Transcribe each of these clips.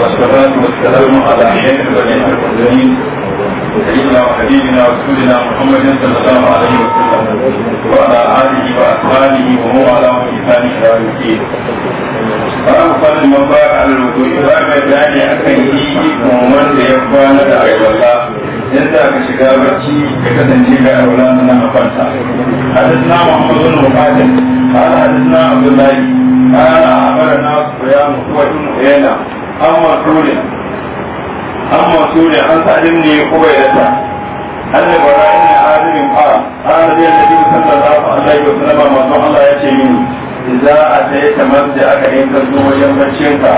والصلاة والسلام على أحيان البنين المسلمين سيدنا وحبيبنا رسولنا محمد صلى الله عليه وسلم وعلى آله وأصحابه ومن والاه بإحسان إلى يوم الدين. فأنا أصلي المبارك على الوضوء وأنا جاني أكن إيجي ومن يبان دعوة الله إن ذاك شكاوى شيء كتن جيبا أولادنا أفنسا. حدثنا محمد بن مقاتل قال حدثنا عبد الله قال أخبرنا سفيان هو ابن عيينة an mansuri an mansuri an sa'adin ne kuma ya ta annabi bara inna azibin fara ana da nabi sallallahu alaihi wa sallam manzon Allah ya ce mini idza ataita masjid aka yin ka zo wajen ka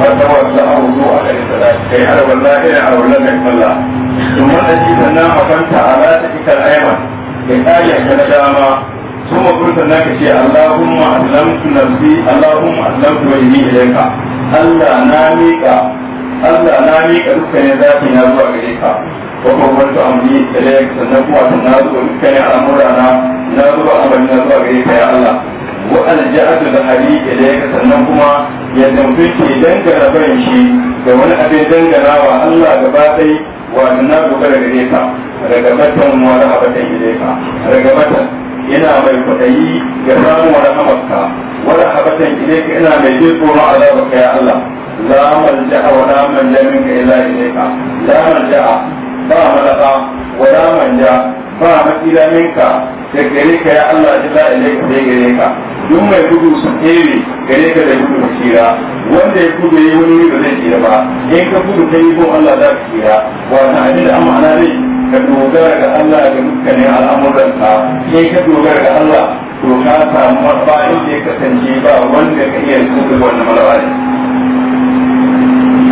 fa tawalla a'udhu alaihi salatu kai har wallahi ina wallahi kai kuma da shi sannan a kwanta ala ta ikal ayman kai kariya dama sun wakulta na ka ce allahumma alamtu nafsi allahumma alamtu wa yimi ilaika allah na miƙa allah na miƙa dukkan ya zafi na zuwa gare ka wa kuma wani to sannan kuma sun na zuwa dukkan al'amura na na zuwa amfani na zuwa gare ya allah wa alja'atu da hari ilaika sannan kuma ya zamfi ke bayan shi da wani abin dangara wa allah gaba ɗai a na dogara gare ka ragamatan wa rahabatan ilaika ragamatan yana mai kwaɗayi ga samun wani hamarka wani habatan ilaika ina mai jin tsoron azabarka ya Allah la ja'a wa la manja minka illa ilaika la malja ba malaka wa la manja ba makila minka da gare ka ya Allah illa ilaika sai gare ka duk mai gudu su tsere gare ka da gudu ka tsira wanda ya gudu ya yi wani ba zai tsira ba in ka gudu kai yi ko Allah za ka tsira wa ta'adil amana ne ka dogara ga Allah da dukkanin al'amuranka sai ka dogara ga Allah to ka samu marfa inda ya kasance ba wanda ka iya tsoro wannan malawari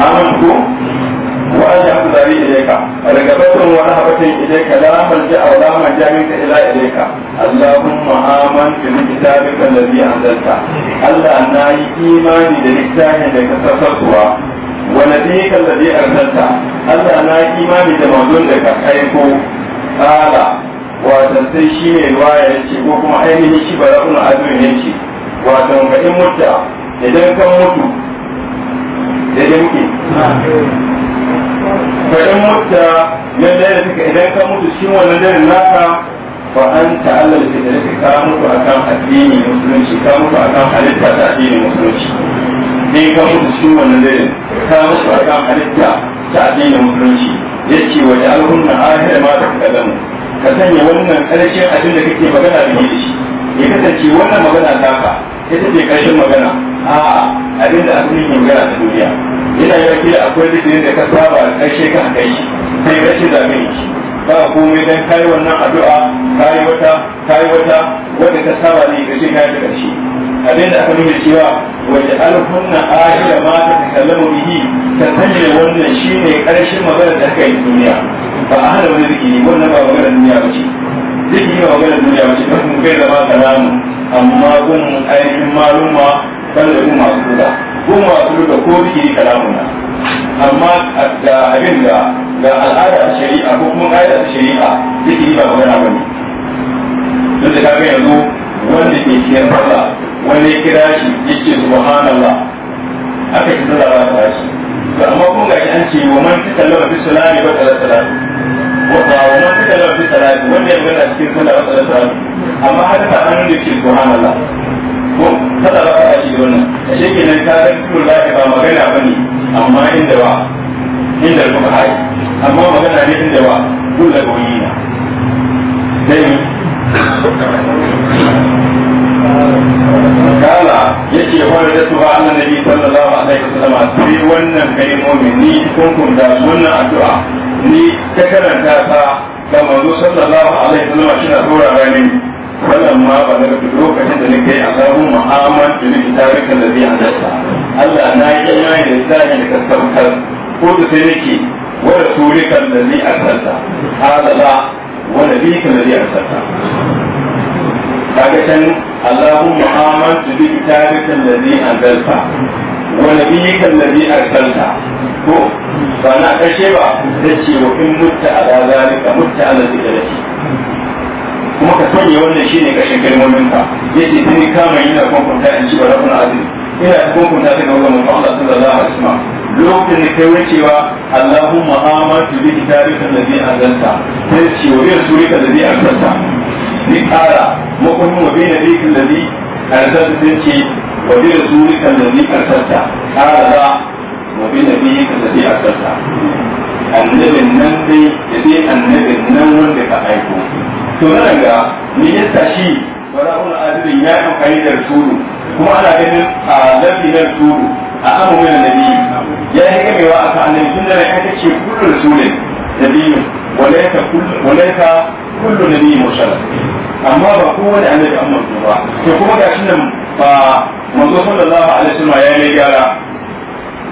amin ko wa an yaku zari daga ragabatun wani habatin da la malja aw la jami ka ila ilaika allahumma aman bi kitabika alladhi anzalta Allah na yi imani da littafin da ka sassarwa wa nabiyika alladhi arsalta Allah na yi imani da mazun da ka aiko kala wato sai shi ne ya ce ko kuma ainihin shi ba za bara'un azumi yace wato ka in mutta idan kan mutu da yanke fa in mutta lallai da suka idan kan mutu shi wannan daren naka wa an da fi dalika ka mutu akan addini musulunci ka mutu akan halitta ta addini musulunci da ya gamu da cikin wannan dare ta musu a kan halitta ta addinin musulunci ya ce wa da alhunna ahira ma ta kalamu ka sanya wannan karshen abin da kake magana da shi ya kasance wannan magana ka ita ce karshen magana a abin da abin yin magana ta duniya yana yi wakila akwai zikirin da ka saba karshe kan kai sai rashin zaɓe shi ba komai dan kai wannan addu'a kai wata kai wata wanda ta saba ne ga shi kai da shi abin da aka nuna cewa wanda alhunna ahira ma ta kallamu bihi ta sanya wannan shine karshen magana da kai duniya ba a hada wani zikiri wannan ba magana duniya ba ce zai yi magana duniya ba ce ba kuma kai zama kalamu amma gun ainihin maluma ban da gun masu da gun masu da ko zikiri kalamu amma ga abin da ga al'ada ta shari'a ko kuma ƙa'ida ta shari'a zikiri ba magana ba ne duk da kaga yanzu wanda ke kiyar Allah wanda ya kira shi yake subhanallah aka yi sallah ba ta shi to amma kun ga an ce wa man ta sallama fi salati wa salatu wa ba wa man fita sallama fi salati wanda ya gana cikin sallah wa salatu amma haka an da ke subhanallah ko kada ba ka shi wannan a nan ba magana ba ne amma inda ba inda kuma hai amma magana ne inda ba na dai kala yace wani da tuba annan nabi sallallahu alaihi wasallam sai wannan kai mu'mini kun kun da wannan addu'a ni ta karanta ta ga manzo sallallahu alaihi wasallam shi na dora wannan ma ba na rufe lokacin da nake Allahun Muhammad da nake tarika da zai halatta Allah na yi imani da zai da kasautar ko da sai nake wa rasulikan da zai arsalta halala wa nabiyikan da zai arsalta kaga can Allahun Muhammad da nake tarika da zai arsalta wa nabiyikan da zai arsalta ko ba na kashe ba da ce wa in mutta ala zalika mutta da zikrati kuma ka sanya wannan shi shine kashin kalmominka ce sun ni kama yi na kwankwanta in ci barafun azim ina ta kwankwanta daga wajen manzo Allah sallallahu alaihi wasallam lokacin da kai wucewa Allahumma amantu bi da kitabika alladhi anzalta sai ce wa bi zai alladhi arsalta ni kara makunin wa bi da zai arsalta sai ce wa da rasulika alladhi arsalta kara da wa bi nabiyika alladhi arsalta annabin nan dai da dai annabin nan wanda ka aiko to nan ga ni ya tashi bara'un adilin ya amfani da rasulu kuma ana ganin a lafi na rasulu a amu mai nabi ya yi gamewa a kan annabi tunda ya kace ce kullu rasulin nabiyyu walaysa kullu walaysa kullu nabiyyu mursal amma ba kowane annabi amma mutu ba to kuma ga shi nan ba manzo sallallahu alaihi wasallam ya yi gyara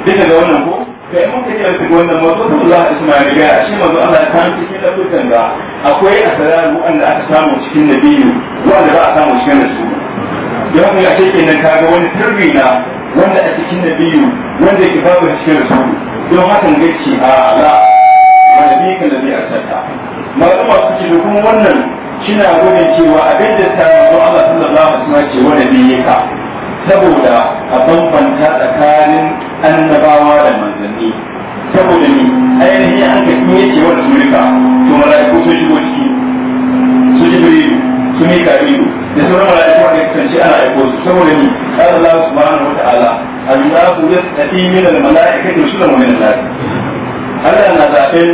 duka ga wannan ko kai mun kace da wannan manzo sallallahu alaihi wasallam ya yi gyara shi manzo Allah ya kan cikin lafukan da akwai asararu wanda aka samu cikin biyu wanda ba a samu cikin rasu don mu ake kenan kaga wani turbi na wanda a cikin biyu wanda yake babu cikin su don hakan ce a ala wanda kan da zai arsata malama suke da kuma wannan shina gudun cewa abin da ta zo Allah sallallahu alaihi wasallam ce wanda biyu ka saboda a bambanta tsakanin annabawa da manzanni saboda ni ainihin an ga in yace wanda su rika to mala'iku sun shigo ciki su jibrilu su mika'ilu da sauran mala'iku a kai kasance ana aiko su saboda ni qala Allah subhanahu wa ta'ala Allahu yastati min al-mala'ikati rusulan wa min an-nas Allah na zaɓen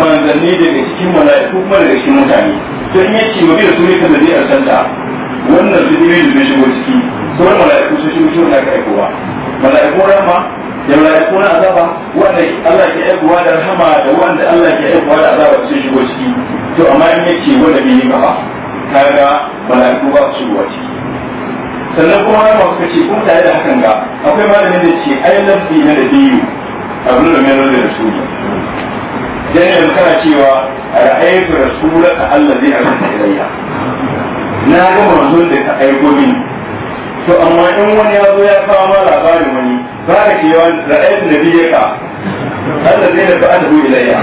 manzanni daga cikin mala'iku kuma daga cikin mutane to in yace mabi da su rika da zai arsanta wannan su jibrilu sun shigo ciki sauran mala'iku sun shigo cikin da aka aikowa mala'ikun rahma da malaiku na azaba wanda Allah ke aikowa da rahama da wanda Allah ke aikowa da azaba sun shigo ciki to amma in yace wanda bai yi ba kaga malaiku ba su shigo ciki sannan kuma wani masu kace kun tare da hakan ga akwai malamin da ce ai lafi na da biyu abin da mai da rasuli dan yanzu kana cewa ra'aytu rasulaka allazi arsala ilayya na ga manzon da ka aiko mini to amma in wani ya zo ya kawo ma labarin wani ba ka ce yawan ra'ayin da biye ka Allah zai da ba da buɗe laiya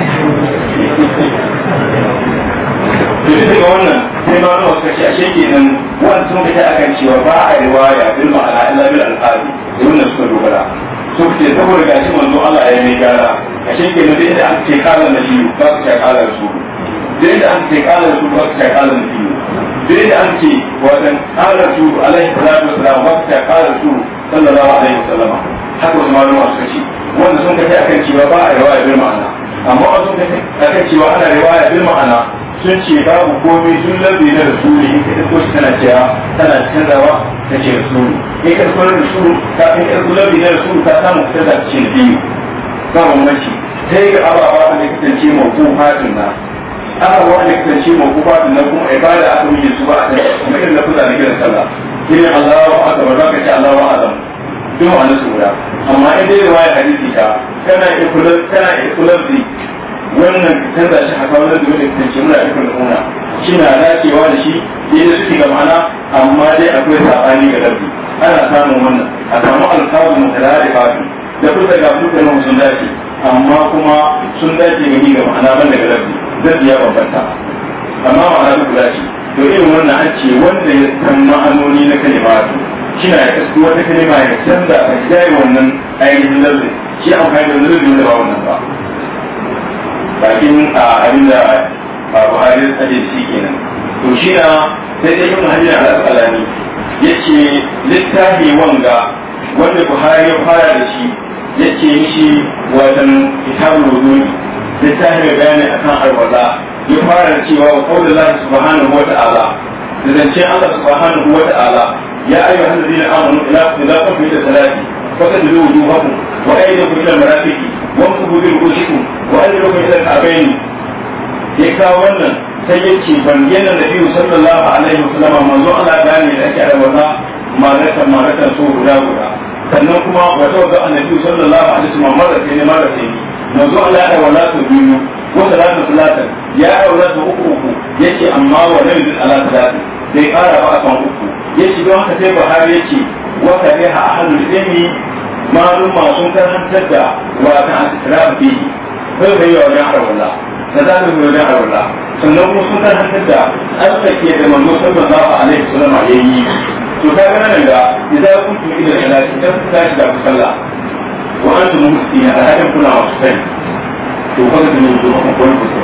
to shi ga wannan sai ma nawa kace a shi nan wannan sun fita akan cewa ba a riwaya bil ma'ana illa bil da wannan suka dogara suka ce saboda gashi manzo Allah ya mai gara a shi nan da an ce kala na biyu ba ka ce kala su da an ce kala su ba ka ce kala na biyu dai da an wajen wadan kala su alaihi salatu wasalam wakta kala su sallallahu alaihi wasallam haka wasu malama suka ce wanda sun kace akan cewa ba a riwaya bil ma'ana amma wasu kace akan cewa ana riwaya bil ma'ana sun ce babu komai sun lalle da rasuli in ka dauko shi tana cewa tana canzawa ta ce rasuli in ka dauko rasulu ka in ka lalle da rasulu ta samu ka da ce biyu ba mamaci sai ga ababa da kasance mawqu hatin na haka wanda kasance mawqufa sannan kuma ibada aka yi su ba a kan kuma irin na kula da gidan sallah shine Allahu akbar zaka ce Allahu azam duk wannan su guda amma in dai riwaya hadisi ta kana ikulaz kana ikulazi wannan canza shi haka wannan da wanda kasance muna ikulazuna shi na dacewa da shi yadda suke da ma'ana amma dai akwai sabani ga rabbi ana samun wannan a samu alƙawar mutalari fafi da kusa ga sun dace. amma kuma sun dace gani ga ma'ana ban da rabbi zai ya bambanta amma ma'ana duk guda ce to irin wannan an ce wanda ya san ma'anoni na kalimatu shina ya kasu wata kalima ya canza a jayi wannan ainihin lalle shi an amfani da lalle da ba wannan ba bakin a abin da a buhari hadisi kenan to shi na sai dai ibn hajar al ya ce littafi wanga wanda buhari ya fara da shi ya ce mishi watan kitabul wuduni littafin mai bayani akan alwala ya fara da cewa wa qawlu Allah subhanahu wa ta'ala da zance Allah subhanahu wata ala ya ayyuha alladhina amanu ila ila da salati faqaddu wujuhakum wa aydikum ila marafiqi wa amsahu bi ru'usikum wa aydikum ila al-ka'bayn ya kawo wannan sai ya ce ban yana nabi sallallahu alaihi wa wasallam manzo Allah ya gane da ake alwala malaka malaka so guda guda sannan kuma wato ga annabi sallallahu alaihi wa sallam wasallam marasa ne marasa ne manzo Allah ya wala su biyu ko salatu salata ya wala su uku uku yace amma wa lam yuzil ala salati bai fara ba akan uku yace don haka sai Buhari yace wa tabiha ahlul ilmi malum ma sun karantar da wa ta asrar bi sai bai yi wani arwala da za mu yi wani arwala sannan kuma sun karantar da alƙaƙe da manzo sallallahu alaihi wasallam yayi to ka ga nan da idan kun tuki da salati ta tashi da sallah wa antum muhsina alhakan kuna masu sani to kaga da mun zuwa kun kusa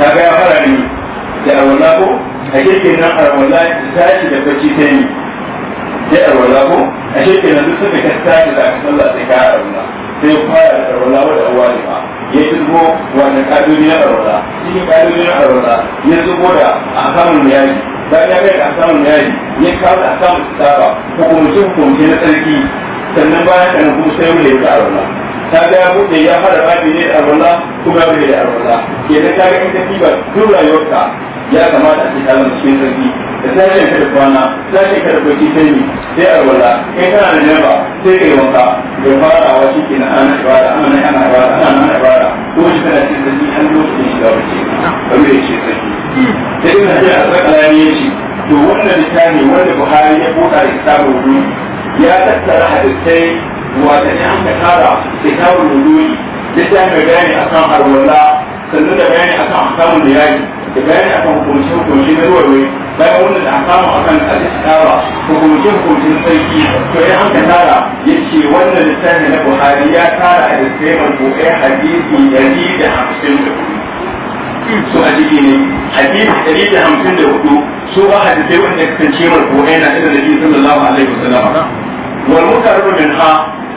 kaga ya fara ni da arwala ko a shekin nan arwala ta shi da bacci ta yi da arwala ko a shekin nan duk suka ka tashi da sallah sai ka arwala sai fara da arwala wa da awali ba ya zubo wannan kadoji na arwala cikin kadoji na arwala ya zubo da a akamun yaji bayan ya kai da akamun yaji ya kawo da akamun tsaba hukumce hukumce na tsarki sannan bayan kana kuma sai wuri ka arwala ta ga ya buɗe ya fara babi ne arwala kuma bai da arwala da ta ga in ka tiba duk rayuwarka ya kamata a ce ta zama cikin sarki da sashen ka da kwana sashen ka da kwaki sai ne sai arwala kai kana da nema sai ka yi wanka da farawa shi ke na ana ibada ana nan ana ibada ana nan ana ibada ko shi kana cikin sarki an shi shiga wace ba ya ce sarki sai ina ce a tsakalani ya ce to wannan ta ne wanda Buhari ya buɗa da kitabun rubutu ya tattara hadisai wata ne an ka tara kitabul wuduri littafin bayani akan harwala sannan da bayani akan akamun da yayi da bayani akan hukumce hukumce na ruwaye bayan wannan da akamu akan al-istara hukumce hukumce na sarki to ya an ka tara yace wannan littafin na Buhari ya tara hadisai mai hadisi 150 su hadisi ne hadisi dari da hamsin da hudu su ba hadisai wanda kasance marfu'ai na da nabi sallallahu alaihi wasallam wal mutarru min ha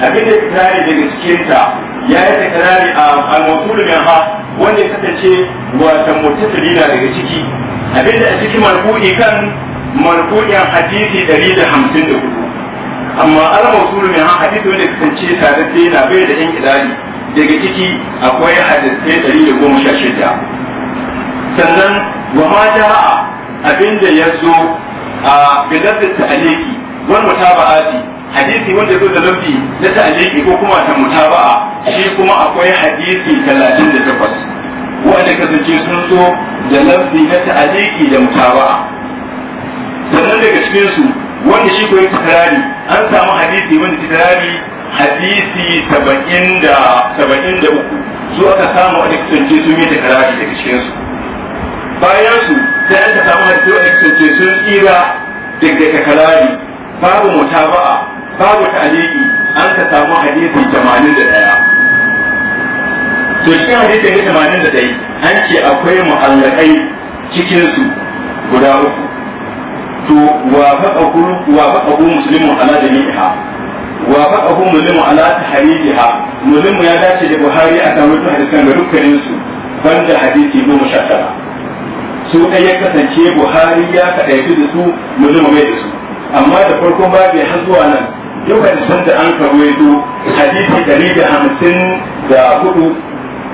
abin da kirari daga cikin ta ya yi takrari a al-mawsul min ha wanda kasance wata mutasili na daga ciki abin da a cikin marfu'i kan marfu'in hadisi dari da hamsin da hudu amma al-mawsul min ha hadisi wanda kasance tare da na bai da yan kirari daga ciki akwai hadisai dari da goma sha shida sannan wa ma abin abinda ya zo a bilatta ta'aliki wal mutaba'ati hadisi wanda zo da lafi na ta'aliki ko kuma ta mutaba'a shi kuma akwai hadisi 38 wanda kasance sun zo da lafi na ta'aliki da mutaba'a sannan daga cikin su wanda shi koyi tarari an samu hadisi wanda tarari hadisi saba'in da uku su aka samu a kasance sun yi tikrari daga cikin su bayan su sai ta samu hadisi wanda ce sun tsira daga takalari babu mutaba'a babu ta'aliki an ka samu hadisi 81 to cikin hadisi ne 81 an ce akwai muhallakai cikin su guda uku to wafaqahu muslimun ala jami'iha wafaqahu muslimun ala tahrijiha muslimun ya dace da buhari a kan rubuta hadisan da dukkanin su banda hadisi goma sha tara su ɗaya ya kasance buhari ya kaɗaitu da su mujima mai da su amma da farkon ba har zuwa nan yau da san da an zo hadisi dari da hamsin da hudu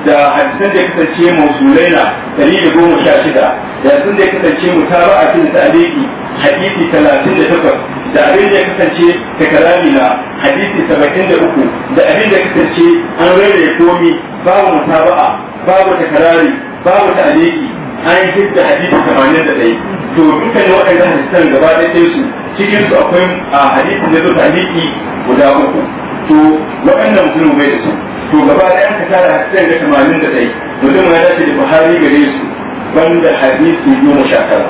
da hadisan da ya kasance mausulai na dari da goma sha shida da sun da ya kasance mutara a cikin tsaliki hadisi talatin da takwas da abin da ya kasance ta na hadisi saba'in da uku da abin da ya kasance an rarrabe komi babu mutaba'a babu takarari babu ta'aliki an yi da hadisi tamanin da ɗai to dukkanin waɗanda hadisan gaba da ɗaya su cikin su akwai a hadisi na zuwa hadisi guda uku to waɗannan mutum bai da su to gaba da ka tara hadisan da tamanin da ɗai mutum ya dace da buhari gare su banda hadisi goma sha tara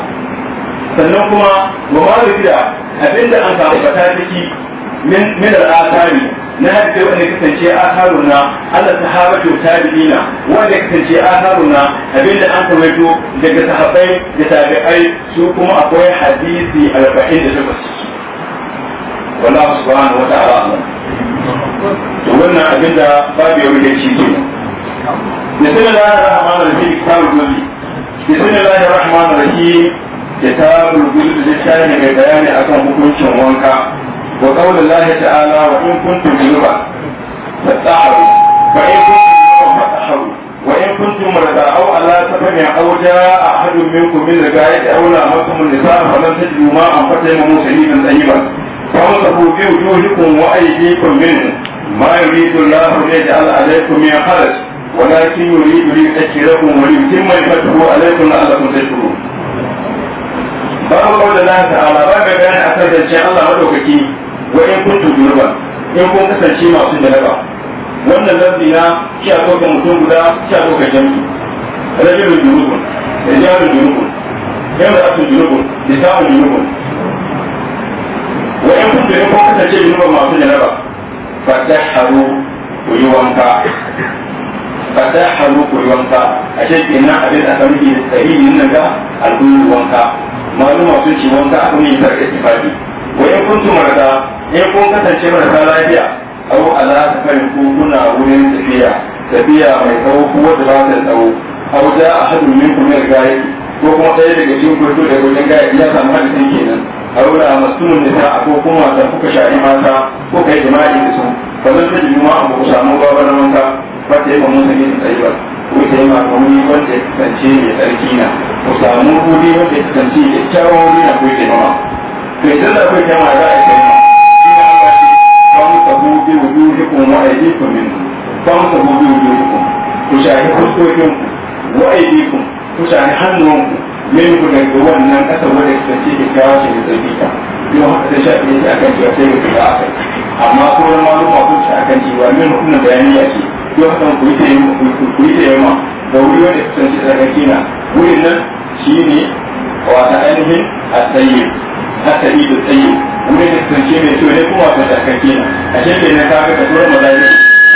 sannan kuma ba ma da abinda an samu fata ciki min min al-athari na hadisi wanda kasance atharuna ala sahabatu tabi'ina wanda kasance atharuna abinda an kawaito daga sahabbai da tabi'ai su kuma akwai hadisi 48 wallahu subhanahu wa ta'ala alam to wannan abinda babu yau da shi kenan bismillahir rahmanir rahim mai bayani akan hukuncin wanka وقول الله تعالى وإن كنتم جنوبا فاتحروا وإن كنتم جنوبا فاتحروا وإن كنتم مرضى أو على سفر أو جاء أحد منكم من رجاية أو لامستم النساء فلم تجدوا ماء فتيمموا سعيدا طيبا فانصفوا بوجوهكم وأيديكم منه ما يريد الله ليجعل عليكم من حرج ولكن يريد ليذكركم وليتم نعمته عليكم لعلكم تشكرون باب قول الله تعالى باب بيان أسد الشيء الله مدوككين wa kuntu kuntum junuban in kun kasance masu janaba wannan lafi na shi a tsoka mutum guda shi a tsoka jami'i rajulun junubun rijalun junubun imra'atun junubun nisa'un junubun wa in kuntum in kun kasance junuban masu janaba fatahharu ku yi wanka ba fatahharu ku yi wanka a ashe kenan abin da aka nufi da sahihin nan ga al'ummar wanka maluma sun ce wanka abu ne bar istifadi wa in kuntum marada in kun kasance marasa lafiya aw ala safarin ku kuna wurin tafiya tafiya mai tsawo ko wata ba ta tsawo au da ahadun minkum min gayi ko kuma ɗaya daga cikin kurtu da wajen gayi ya samu hadisin kenan aw da ta a ko kuma ta kuka shari mata ko kai jima'i da su fa zan ta jima an ku samu na wanka ba ta yi ba mun sanin tsayi ba ko ta yi ma wani wanda ya kasance mai tsarki na ku samu hudi wanda ya kasance da kyawawan wani na ku yi to idan da kun jama za a kai shi ne Allah shi kan sabu bi wujuhikum wa aydikum min kan sabu bi wujuhikum ku shahi fuskokin ku wa aydikum ku shahi hannunku min ku daga wannan kasar wanda ke tace ke kawo shi da ka yau akan cewa sai ku da akai amma ko wani maluma kun ci akan cewa ta yi ma wuri wurin nan shi ne wata ainihin a tsayi haka yi da tsayi kuma ya kasance mai kyau ne kuma ka shakake na a shi ne ka ga kasuwar madari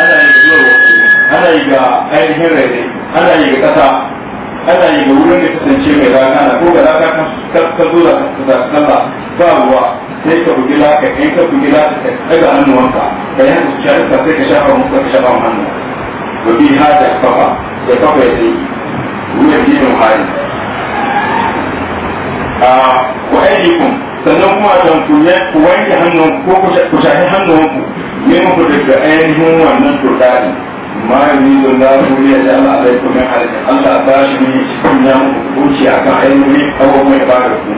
ana yi ga ana yi ga ainihin rere ana yi ga kasa ana yi ga wurin da kasance mai rana na ko ga rana ka zo da kasa ba ruwa sai ka bugi laka in ka bugi laka ka daga hannuwanka kai yanka su shafi ka sai ka shafa musu ka shafa hannu to bi hada kafa da kafa ya sai wuya bi mu hali a ah, wa ayyukum sannan kuma don ku ku wanke hannun ko ku shahi hannun ku ne muku ga ainihin wannan turkari ma yi don da ku ne da Allah zai kuma halin Allah ba shi ne cikin ya muku kuci a kan ainihin abubuwan mai ba da ku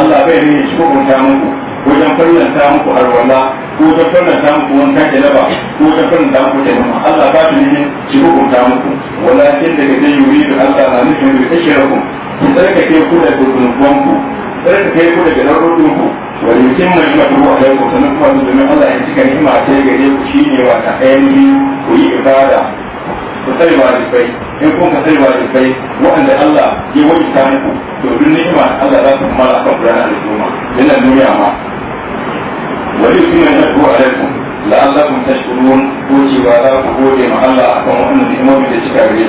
Allah bai ne cikin kunta muku wajen ta muku arwala ko wajen ta muku wanka da laba ko wajen ta muku da nama Allah ba shi ne cikin kunta muku walakin daga zai yi da Allah na nufin da kashe rakun ku tsarkake ku da gurgurkon ku sai ka kai ku daga nan rukun ku wani mutum mai mata ruwa da ku sanin kuma da domin Allah ya cika ni'ima ta gare ku shine wa ta ainihi ku yi ibada ku sai wajibai in kun ka sai wajibai waɗanda Allah ya wajibta muku to duk ni'ima Allah za su kuma a kan gudanar da duma yana duniya ma wani mutum mai mata ruwa da ku la'allakum tashkurun ko cewa za ku gode ma Allah akan wannan ni'imomi da cika gare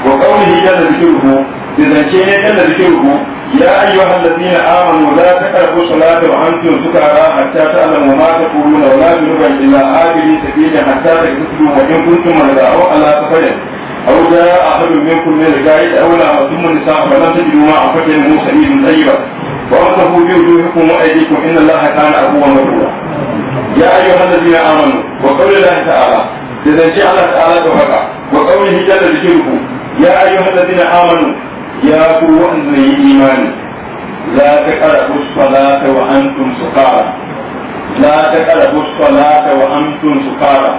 ku wa qawlihi jalla dhikruhu zance ne kan da ta ruku ya ayyuhal ladina amanu la taqrabu salata wa antum sukara hatta ta'lamu ma taquluna wa la tunuba ila ajli sabila hatta taqulu wa in kuntum marada aw ala safar aw da ahad minkum min ghaib aw la hadum nisa fa lam tajidu ma afatin musaidin tayyiba wa qulu bi wujuhikum wa aydikum inna allaha kana aqwa wa ya ayyuhal ladina amanu wa qul la ta'ala zance allah ta'ala to haka wa qawlihi jalla bi ya ayyuhal ladina amanu ya ku wa'anda yi imani za ta karabu salata wa antum sukara la ta karabu salata wa antum sukara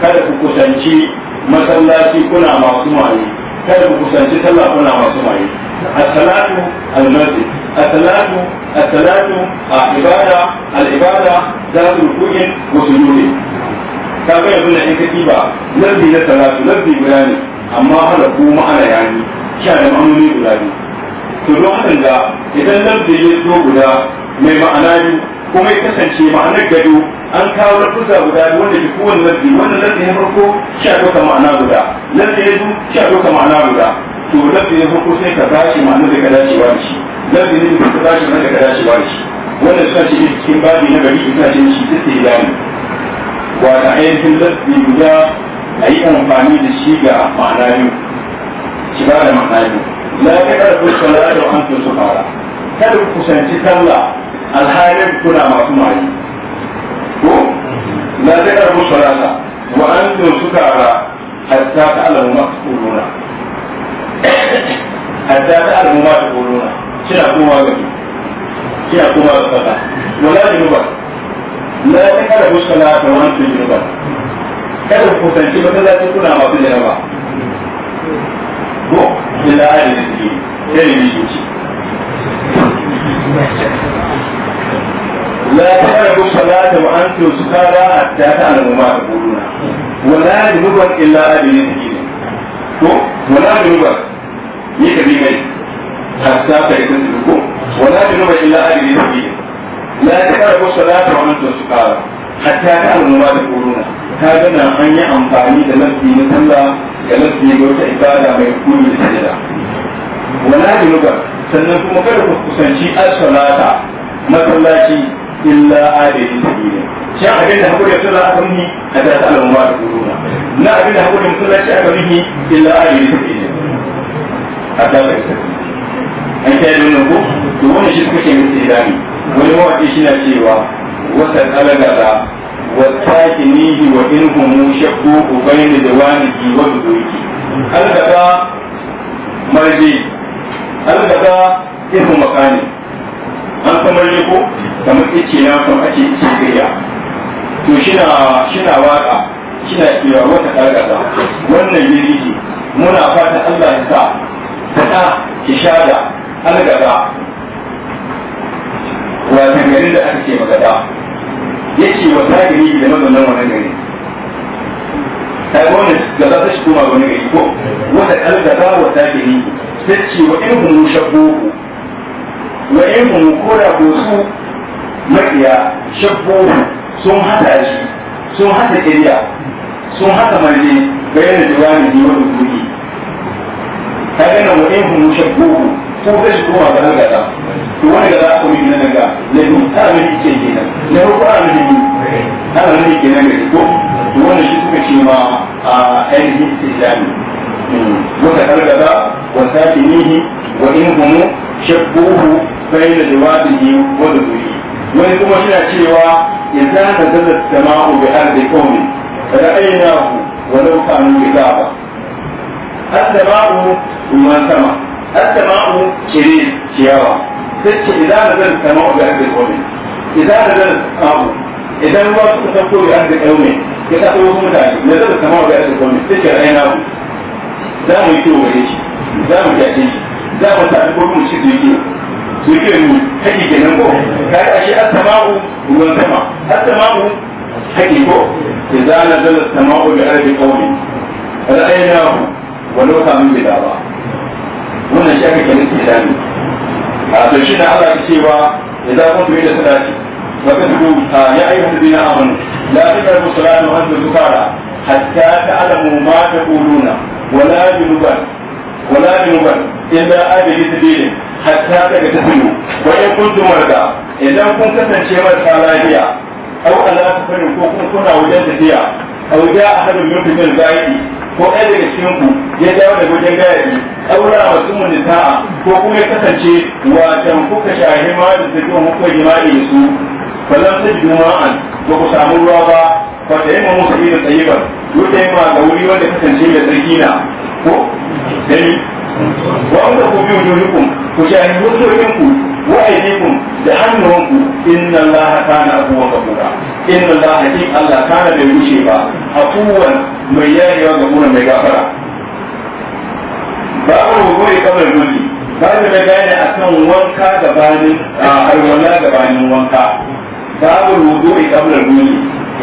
kada ku kusanci masallaci kuna masu maye kada ku kusanci sallah kuna masu maye as-salatu al za su الصلاة عبادة العبادة ذات ركوع وسجود كما يقول إن na salatu للصلاة guda ne. amma hala ko ma'ana ya yi sha da ma'anoni guda ne to don hakan da idan lafzi ya zo guda mai ma'ana ne kuma ya kasance ma'anar gado an kawo lafuza guda biyu wanda ke kowane lafzi wannan lafzi ya farko sha ɗauka ma'ana guda lafzi ya zo sha ɗauka ma'ana guda to lafzi ya farko sai ka bashi ma'anar da ka dacewa da shi lafzi ne ka bashi ma'anar da ka dacewa da shi wannan suna ce cikin babi na gari suna ce shi ta tsaye wato ainihin lafzi guda a yi amfani da shi ga ma'ana biyu shi ba da ma'ana biyu la ya kada ku da an su fara kada ku kusanci sallah alhalin kuna masu mai ko la ya kada ku sallah wa an su sukara hatta ta alamu masu kuruna hatta ta alamu masu kuruna kina kuma ga kina kuma ga fata wala jinuba la ya kada ku da an su jinuba da ku kusanci ba za ku kuna masu da yawa ko ki da ai ne ki sai ni ki ci la ta'budu salata wa antum sukara hatta ta'lamu ma taquluna wa la yuhibbu illa ai ne ki ko wa la yuhibbu ni ka bi mai hatta kai kun ko wa la yuhibbu illa ai ne ki la ta'budu salata wa antum sukara hatta ta al'umma da korona ta gana an yi amfani da lafi na sallah da lafi ga wata ibada mai hukumi da sajada wala junuba sannan kuma kada ku kusanci as-salata masallaci illa adadin sabili shi abin da hakuri sallah aka muhi a ta al'umma da korona na abin da hakuri masallaci aka muhi illa adadin sabili a ta an kai da wannan ko to wannan shi suka kuke mutu idani wani mawaƙi shi na cewa watan alagara والساكنيه وإنهم شقوه بين جوانه وبدوه البقاء مرجي البقاء اسم مكاني an kamar ko kamar ice na kan ake ice gaya to shina shina waka shina cewa wannan yiri muna fatan Allah ya sa ta ta ki shada watan garin da aka ce maka da ya ce wa zagiri da mazaunan wannan gari ta yi wani da za ta shi koma wani gari ko wata kalgaba wa zagiri ta ce wa in hunu shabboku wa in hunu koda ko su makiya shabboku sun hada shi sun hada kiriya sun hada marje bayan da jawabin ne wani kuri ta gana wa in hunu shabboku sun kai shi kuma ga nan gada to wani gada aka yi nan ga na yi ta amini ke kenan na yi kuma amini ne ta amini ke nan ko to wani shi suka ce ma a ainihin islami hmm. wata kargada wa sakinihi wa in shabbuhu bayna jawadihi wa wani kuma cewa idza bi ardi qawmin ra'aynahu wa law kanu السماء كريم ciyawa sai ce idan da zan sama ga abin kome idan da zan samu idan ruwa suka sauko ga abin ya ta sauko mutane da zan sama ga abin kome sai ce raina mu za mu yi kiwo gare shi za mu yaƙe shi za mu sa ko mu ci duki duki mu haƙi kenan ko kai ruwan sama ko sama wannan shi aka kenan ke dami a to shi da Allah ke cewa idza kuntum ila salati wa tadru ya ayyuhal ladina amanu la taqrabu salata wa antum sukara hatta ta'lamu ma taquluna wala junuban wala junuban illa abidi sabilin hatta daga tafiyu wa in kuntum marda idan kun kasance marasa lafiya au ala tafiyu ko kun kuna wajen tafiya أو a أحد منكم من الغائب ko ɗaya daga cikin ku ya dawo da wajen gayari aura wa sumun nisa'a ko kuma ya kasance watan kuka shahi ma da take wa muku jima'i da su ballan ta juma'an ba ku samu ruwa ba fa da yamma musu da tsayiban duk da yamma ga wuri wanda kasance mai tsarki na ko dani wa an ku biyu jojikum ku shahi hujjojinku wa aidikum da hannuwanku inna Allah kana abuwan gabura inna Allah hakim Allah kana bai wuce ba abuwan mai yayewa gabura mai gafara babu rubuwa kamar mulki babu da bayani akan wanka gabanin gabanin wanka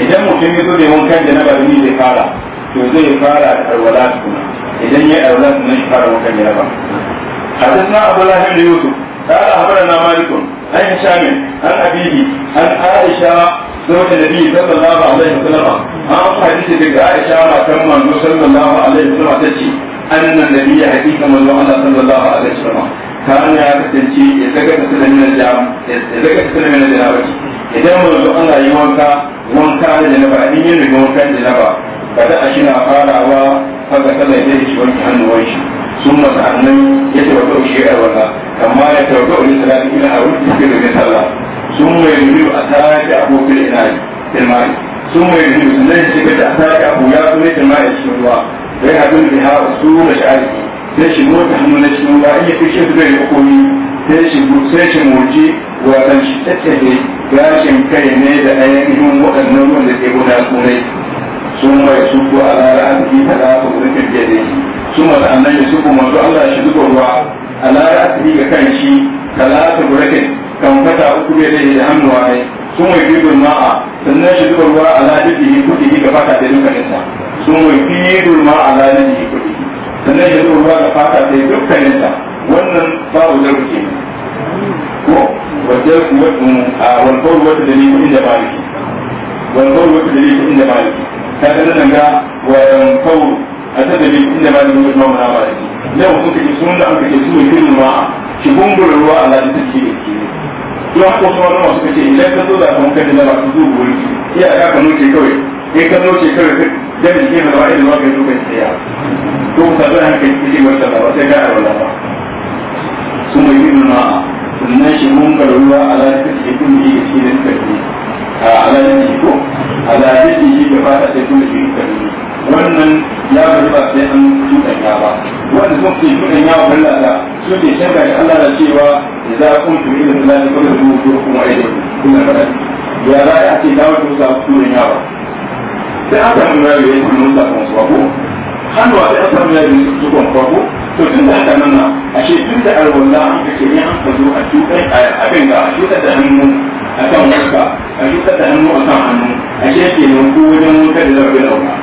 idan mutum ya zo da wankan da na bari zai fara to zai fara da alwala tukuna idan ya aula sun shi na abu an yi shami an daga ta sunan nan jam ya yi wanka wanka da nabi an yi ne wanka maza kala ya shi wanke hannuwan shi sun masa annan ya tabbata shi ya wala amma ya tabbata a wurin cikin da sallah sun mai rubu a tare da abokin inani tilmani sun mai rubu da tare da abu ya kuma tilmani cikin ruwa bai da su da sha'ari sai shi mota hannu na cikin ruwa ya fi shi su da hukumi sai shi sai shi murji wa kan shi gashin kai ne da ayyukan waɗannan wanda ke gudanar sunai ثم يسب على رأسه ثلاث ذكر يديه ثم أن يسب من الله شدك الرعى على رأسه كان شيء ثلاث بركة كم فتى أكل يديه لهم وعيه sun mai fi a sannan shi zuba ruwa ala jibihi kudi ga fata da dukkaninsa sun mai fi durma ala jibihi kudi sannan shi zuba ruwa ga fata da dukkaninsa wannan babu zarfi ko wajen kuwatsun mm, a walfar wata da ni kudin da maliki walfar wata da ni kudin da ta ga nan ga wa yan kawo a ta da bin inda malamin wasu mamuna ba da ke sun da an kake su mai kirin ma ki kumbura ruwa a lalata ke da ke don haka wasu wani masu kace idan ka zo da kan kan da ba ku zo gurin iya ka kanu ce kawai in ka zo ce kawai ka dan ke da wani da wani lokacin da ya to ka zo haka kike wata ba sai ka arwala ba su mai kirin ma sannan shi kumbura ruwa a lalata ke kun yi da ke da ba ta sai kuma shi ka wannan ya bari ba sai an tukan ya ba wanda sun fi tukan ya wa Allah su ne shakka ga Allah da cewa idza kuntu ila salati kullu wujuhukum aydin kullu ya la ya ce dawo da musa ya ba sai an samu ya yi musa kuma su ko hannuwa sai an samu ya yi su kuma ko to tun da haka nan ashe tun da alwala an kace ne an a tukan a abin ga a da hannu a kan wuska a shi kasa hannu a kan hannu a shi yake nan ko wajen wuta da zafi lauka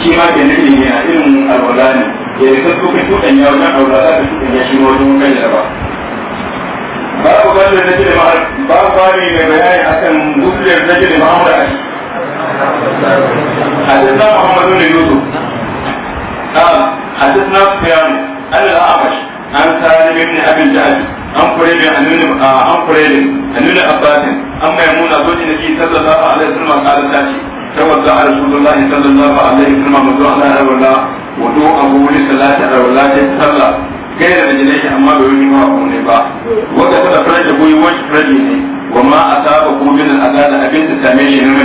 shi ma ke nan ne a irin alwala ne ya da kan kuka tukan ya wajen alwala za ka tukan ya shi ma wajen wuta da zafa babu da na jiri ma'ar babu babu mai bayani akan guduniyar na jiri ma'amura a shi حدثنا محمد بن يوسف قال حدثنا سفيان an الاعمش an salim ibn abin jahal an kurebe an nuna ah, an kurebe a nuna abbasin an maimuna zo da nabi sallallahu alaihi wasallam qala ta ce tawazza rasulullahi sallallahu alaihi wasallam mazu ala rawla wudu abu li salati rawla ta sallah gaira da jinai amma bai yi ma ko ne ba wanda kada faraje goyi wani faraje ne wa ma asaba ku min al-adala abin da same shi ne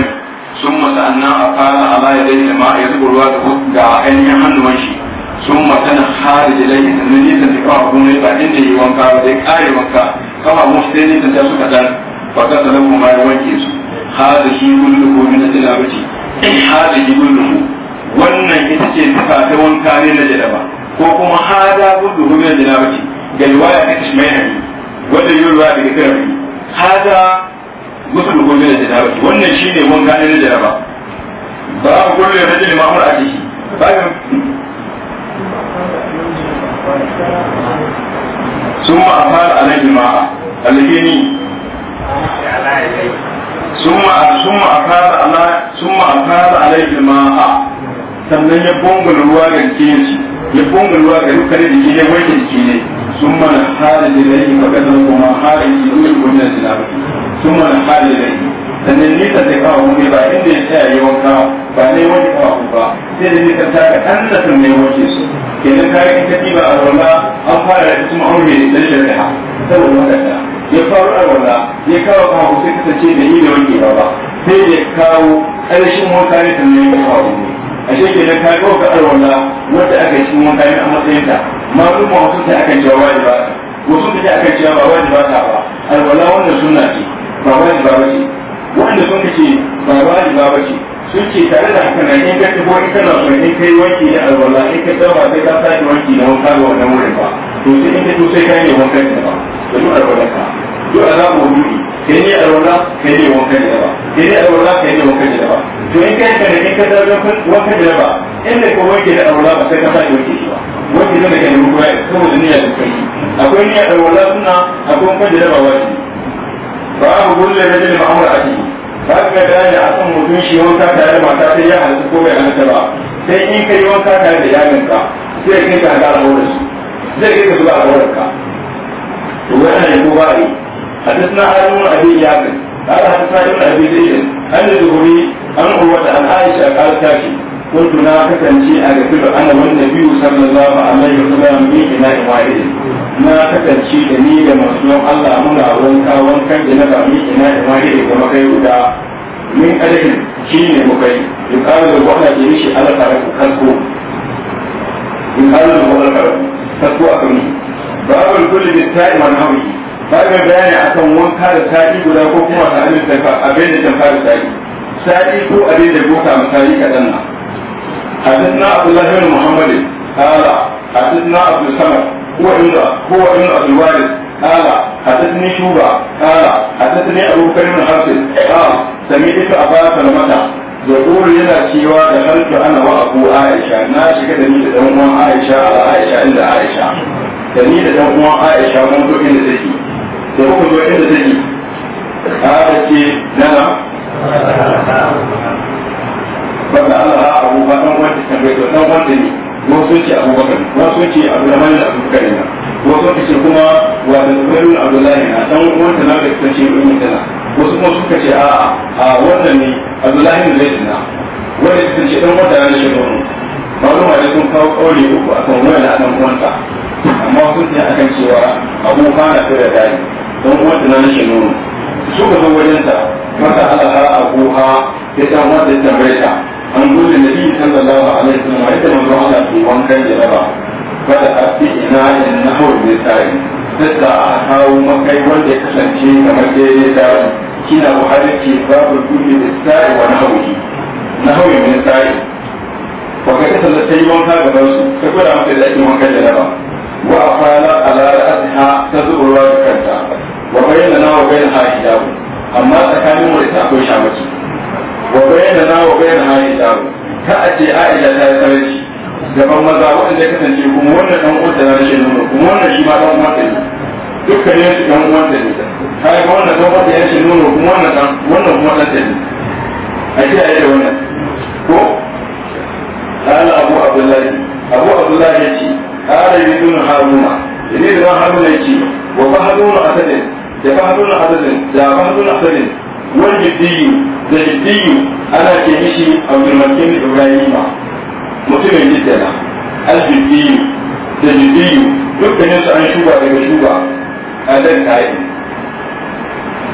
sun masa annan a fara ala yadda ma ya zuburwa ga ainihin hannuwan shi sun magana hari da lai da ni san kafa ko ne ba inda yi wanka ba dai kare wanka kafa mu sai ni san ta suka dan fa ka sanan mu mai wanke su hada shi kullu ko min tilawati hada shi kullu wannan ita ce sifa ta wanka ne na jaraba ko kuma hada kullu ko min tilawati ga riwaya ta Ismaili wanda yi riwaya daga Tirmidhi hada musul ko min tilawati wannan shine wanka ne na jaraba ba ku kullu rajul ma'mur a ciki ba ثم أفال عليهما الهيني ثم ثم على ثم sannan ya bonga ruwa ga jikin shi ya bonga ruwa ga dukkan jiki ne wai jiki ne sun mana hada da rai ba kadan kuma hada shi ne ko ne da sun mana hada da rai sannan ni ta kawo mu ba inda ya tsaya yawan kawo ba ne wani kawo ba sai da nika ta ka annatan mai wace su kenan ka yi ta ba a wala an fara da kuma an mai da shari'a saboda wadanda ya faru a wala ya kawo kawo sai kasance da yi da wanke ba ba sai ya kawo ƙarshen wanka ne ta mai kawo ne a shekin da ka kawo ka arwala wadda aka yi cikin wanka ne a matsayin ta malum wasu sai akan cewa wani ba wasu sai akan cewa ba wani ba ta ba arwala wannan sunna ce ba wani ba ce wanda sun ce ba wani ba ce suke tare da haka na in ka ko ita kana so in kai wanki da alwala in ka dawa sai ka sake wanki na wanka ga wannan wurin ba to sai in ka to sai ka yi wanka da ba da duk alwala ka duk alamu wuri kai ne alwala kai ne wanka da ba kai ne alwala kai ne wanka da ba to in kai kana in ka wani wani da ba in da ko wanki da alwala ba sai ka sake wanki ba wanki da kai ne ruwa saboda niyya da kai akwai niyya alwala sunna akwai wanka da ba wajibi babu gulle rajulin ma'amra'ati ba ka da ya akan mutum shi wanka tare da mata sai ya halatta ko bai halatta ba sai in kai wanka tare da yaminka sai kai ka ga al'aurar su zai kai ka zuba al'aurar ka to wannan ko ba yi hadisna harun abi yamin قال حدثنا ابن ابي زيد عن الزهري عن عروه عن عائشه قالت تاتي kuntu na kasance a gaba da annabin nabi sallallahu alaihi wasallam ne ina imani na kasance da ni da masu yan Allah muna wanka wanka da na gami ina da kuma kai guda min alaihi shine mu kai in kawo da wanda ke shi Allah ta kasko in kawo da wanda ka kasko a kuni babu kulli bi ta'iman hawi babu bayani akan wanka da sa'i guda ko kuma da alif ta fara sa'i ko abin da goka misali kadan nan حدثنا عبد الله بن محمد قال حدثنا عبد الصمد هو ابن هو ابن عبد الوارث قال حدثني شوبة قال حدثني أبو بكر بن حفص قال سمعت أبا سلمة يقول لنا سوى دخلت أنا وأبو عائشة ناشك دنيا دموع عائشة على عائشة إلا عائشة دنيا دموع عائشة من دون ذكي يقول دون ذكي قالت لنا wanda Allah ya abu ba dan wanda tambaye to dan wanda ne sun ce Abu Bakar wasu ce Abu Rahman da Abu Bakar ne wasu ce kuma wa da Zubairun Abdullahi na dan wanda na da kace ibn Tala wasu kuma suka ce a a wannan ne Abdullahi ne zai na wanda suka ce dan wanda ne shi maluma ne sun kawo kauri uku akan wani da akan wanda amma sun ce akan cewa Abu Bakar da Dai dan wanda na shi nono su ga wajen ta mata Allah ha abu ha ya san wanda ya tambaye ta an gode da bi sallallahu alaihi wasallam ya ta manzo Allah ki wankan jaraba Ba da fi ina in nahur bi sai sai a kawo makai wanda ya kasance kamar daidai da kina buhari ce babu dubi da sai wa nahawi nahawi min sai wa kai sallallahu sai wanka gaban su sai gwada masa da ake wankan jaraba wa a afala ala ra'siha tazurra kanta wa bayyana na wa bayyana ha hijabu amma tsakanin mu da ta akwai shamaki wa bayyana na wa bayyana ma ya tsaro ka a ce aisha ta yi sarki gaban maza wanda ya kasance kuma wannan dan uwanta na rashin nono kuma wannan shi ma dan uwanta ne dukkanin su dan uwanta ne kai ga wannan dan uwanta ya kuma a قال أبو عبد الله أبو عبد الله يجي قال يريدون هارون يريدون هارون يجي وفهدون أسد da fahadun asalin da والجدي الجدي أنا كمشي عبد الملكين إبراهيم mutumin jiddana aljibiyu da jibiyu dukkanin an shuba daga shuba a dan kayi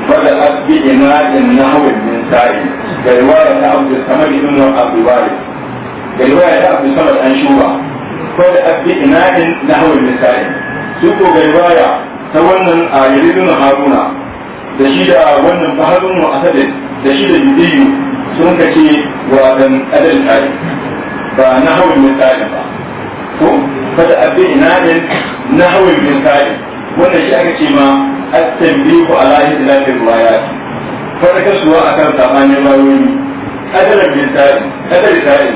wanda asbi da ta abdul samad ibn abdul walid da riwaya ta abdul an shuba wanda asbi su ko ta wannan a haruna da shi da wannan baharun wa asadin da shi da jidiyu sun ka ce wa dan adal tsari ba na hawan min tsari ba ko kada abin ina ne na hawan min tsari wannan shi aka ce ma at-tanbihu ala hidlati riwayat farkasuwa akan sabanin rayoyi adalan min tsari adal tsari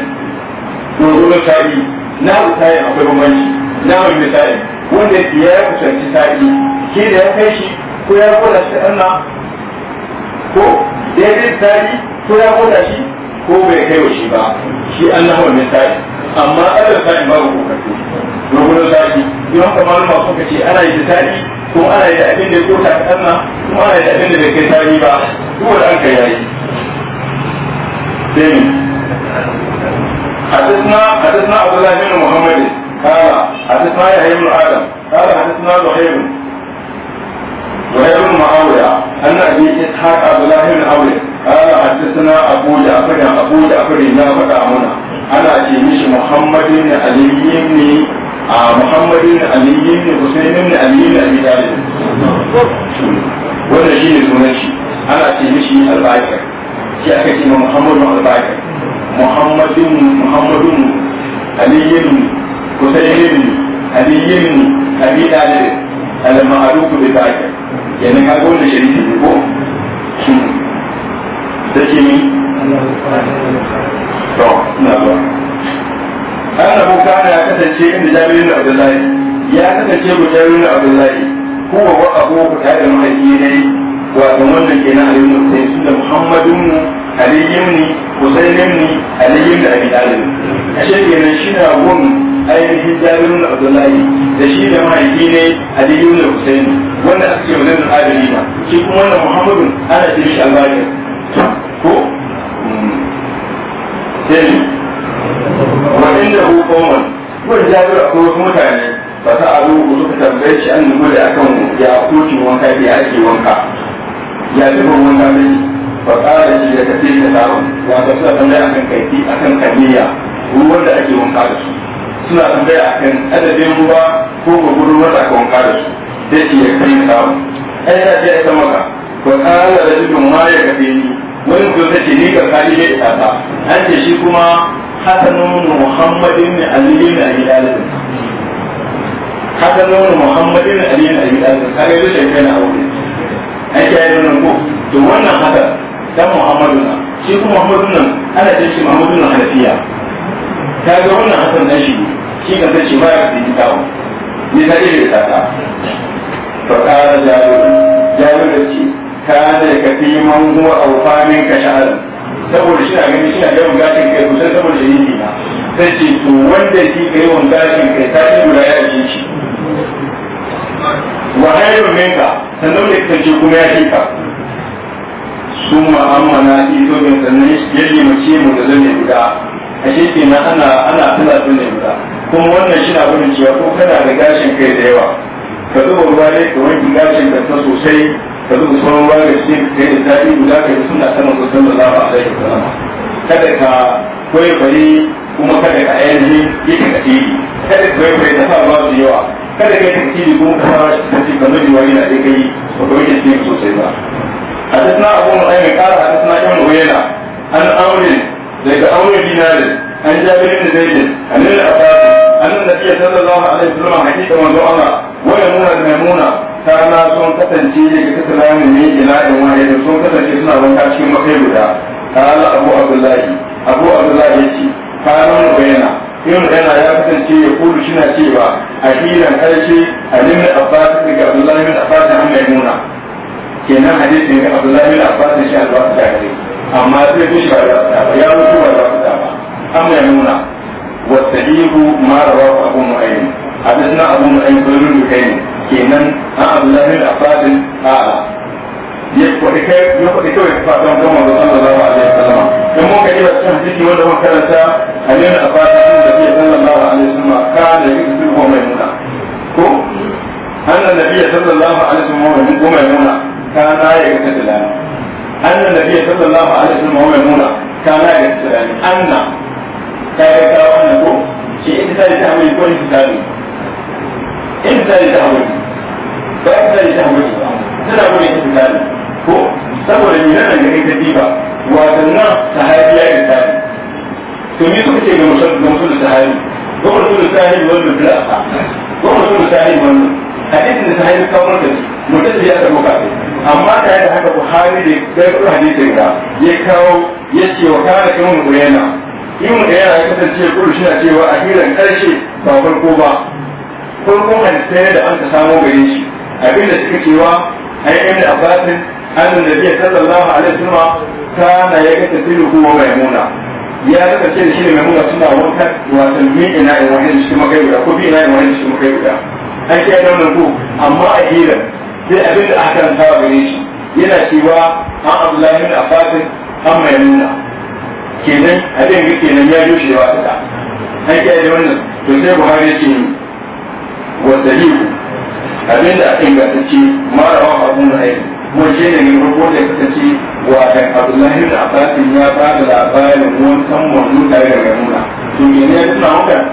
dogon tsari na hawan tsari akwai bambanci na hawan min tsari wanda ya kusanci tsari ke da ya kai shi ko ya koda shi ɗan ko daidai tsari ko ya koda shi ko bai kai wa shi ba shi an na hawan tsari amma ɗaukar tsari ba ku kokatu dogon tsari yi haka ma suka ce ana yi tsari kuma ana yi da abin da ya koda ɗan kuma ana yi da abin da bai kai tsari ba duk wanda an kai yayi sai حدثنا حدثنا عبد الله بن محمد قال حدثنا يحيى بن ادم قال حدثنا زهير وابن معاوية أن أبي إسحاق عبد الله بن عمرو قال حدثنا أبو جعفر أبو جعفر لا فتى منا أنا أتيمش محمد بن علي بن محمد بن علي بن حسين بن علي بن أبي طالب wannan shi ne sunan shi ana ce mishi albakar shi aka ce ma muhammadu albakar muhammadun muhammadun aliyin kusayin aliyin abi dalib al-ma'ruf bi ta'ala yana ka gona sharifi ko take mi to na ba annabu kana ya kasance inda jabirin da abdullahi ya kasance mu jabirin da abdullahi huwa wa abu da mahaifi ne wato wannan kenan Ali ibn Husayn sunna Muhammadun Ali ibn Husayn ibn Ali ibn Abi Talib ashe kenan shi na gun ainihin Jabir ibn Abdullahi da shi da mahaifi ne Ali ibn Husayn wanda aka ce wannan adali ba shi kuma wannan Muhammadun ana ce shi albani ko sai wa inda hu qawman wannan Jabir akwai wasu mutane ba sa abu suka tambaye shi an nuna da akan ya koki wanka ya ake wanka ya fi ban wani abin ba ƙara shi da tafi da ya wanda suna tambaya akan kaifi akan kaniya ruwan da ake wanka da su suna tambaya akan adadin ruwa ko gugu ruwan da aka wanka da su da shi iya kai tsaron ai yana ce ya sama ka ba tsara da jikin ma ya kafe ni wani ko ta ce ni ka kari da ita ta an ce shi kuma hasanun muhammadin ne aliyu ne a gidan haka nuna muhammadin aliyu ne a gidan kare da kai na aure ake yi wannan ko to wannan haka dan muhammadu na shi kuma muhammadu nan ana ce shi muhammadu nan hanafiya ta ga wannan hasan nan shi shi kan sai shi ma ya fi ta ni na iya ta ta fa kana jaru jaru da shi kana da kafi man huwa awfamin ka sha'al saboda shi na gani shi na yawan gashin kai kusan saboda shi na sai ce to wanda shi ka yawan gashin kai ta shi guda ya ji shi wa khairun minka sannan da kace kuma ya fi ka summa amma na fi to bin sannan yayi mace mu da zane guda ashe kenan ana ana tana zane guda kuma wannan shi na gudun cewa ko kana da gashin kai da yawa ka zuba ruwa ne ka wanki gashin ta sosai ka zuba sauran ruwa da shi ka yi da zafi guda ka yi suna sanin sosai da zama a kada ka kwaye kuma kada ka ainihi yi ka tsiri kada ka bai bai nafa ba su yawa kada ka yi ka tsiri kuma ka fara shi ta ce ka nuna wani na ɗaya yi ba ka wuce shi sosai ba hadisna abu mu ɗaya mai ƙara a yau na na an aure daga aure dinari an ja bai da zaijin an yi da ƙasa a nan da fiye sallallahu alaihi wasallam hakika manzo Allah wani muna da maimuna ta na sun kasance ne ga kasa ne mai ila da wani da sun kasance suna wanka cikin mafi guda ta Allah abu abdullahi abu abdullahi ya ce kanun bayana yin yana ya kasance ya kudu shi na cewa a hiran karshe alimin abbas daga abdullahi bin abbas an maimuna kenan hadisin ga abdullahi bin abbas shi albasa da gare amma sai ku shi ba da ba ya mutu ba da ba an maimuna والصحيح ما رواه أبو نعيم حدثنا أبو نعيم بن نعيم كينان عبد الله بن عباس قال يقول كيف يقول كيف يقول كما قال الله عليه وسلم كما كتب الحديث وله كرتا ali a abbas da bi sallallahu alaihi wasallam kana yaktul wa maimuna ko anna nabiy sallallahu alaihi wasallam wa maimuna kana yaktul anna nabiy sallallahu alaihi wasallam wa maimuna kana yaktul anna kai ka wannan ko ce ita ta hawi ko ita ta ita ta hawi ba ita ta hawi tana gure ita ta ko saboda da wa to me suka ce ga mutum da sahabi ko mutum da sahabi wannan bilafa ko mutum da sahabi wannan hadisin da sahabi kawar da su mutum da ya da muka amma ta da haka buhari da bai kuma hadisin ga ya kawo ya ce wa kana kan mu yana in mu yana ya kasance kullu shi na cewa a hiran karshe ba farko ba farko hadisai da an ka samo gare shi abinda suka cewa a ai ibn abbasin annabi sallallahu alaihi wasallam kana ya kasance ruhu wa muna. ya daga ce shi ne maimuna suna wanka wato mi ina in wani cikin makai guda ko bi ina in wani cikin makai guda an shi ya dauna ku amma a hira sai abin da aka karanta wa gare shi yana cewa an abdullahi bin abbasin an nuna. kenan abin ga kenan ya jo shi wata da an shi ya dauna to sai buhari ya ce wa sahihu abin da aka yi ingantacce mara wa abu na aiki kuma shi ne ne ko da ta ce wa da Abdullahi da Abbasin ya ba da labarin mun san wannan tare da Maimuna to me ne suna haka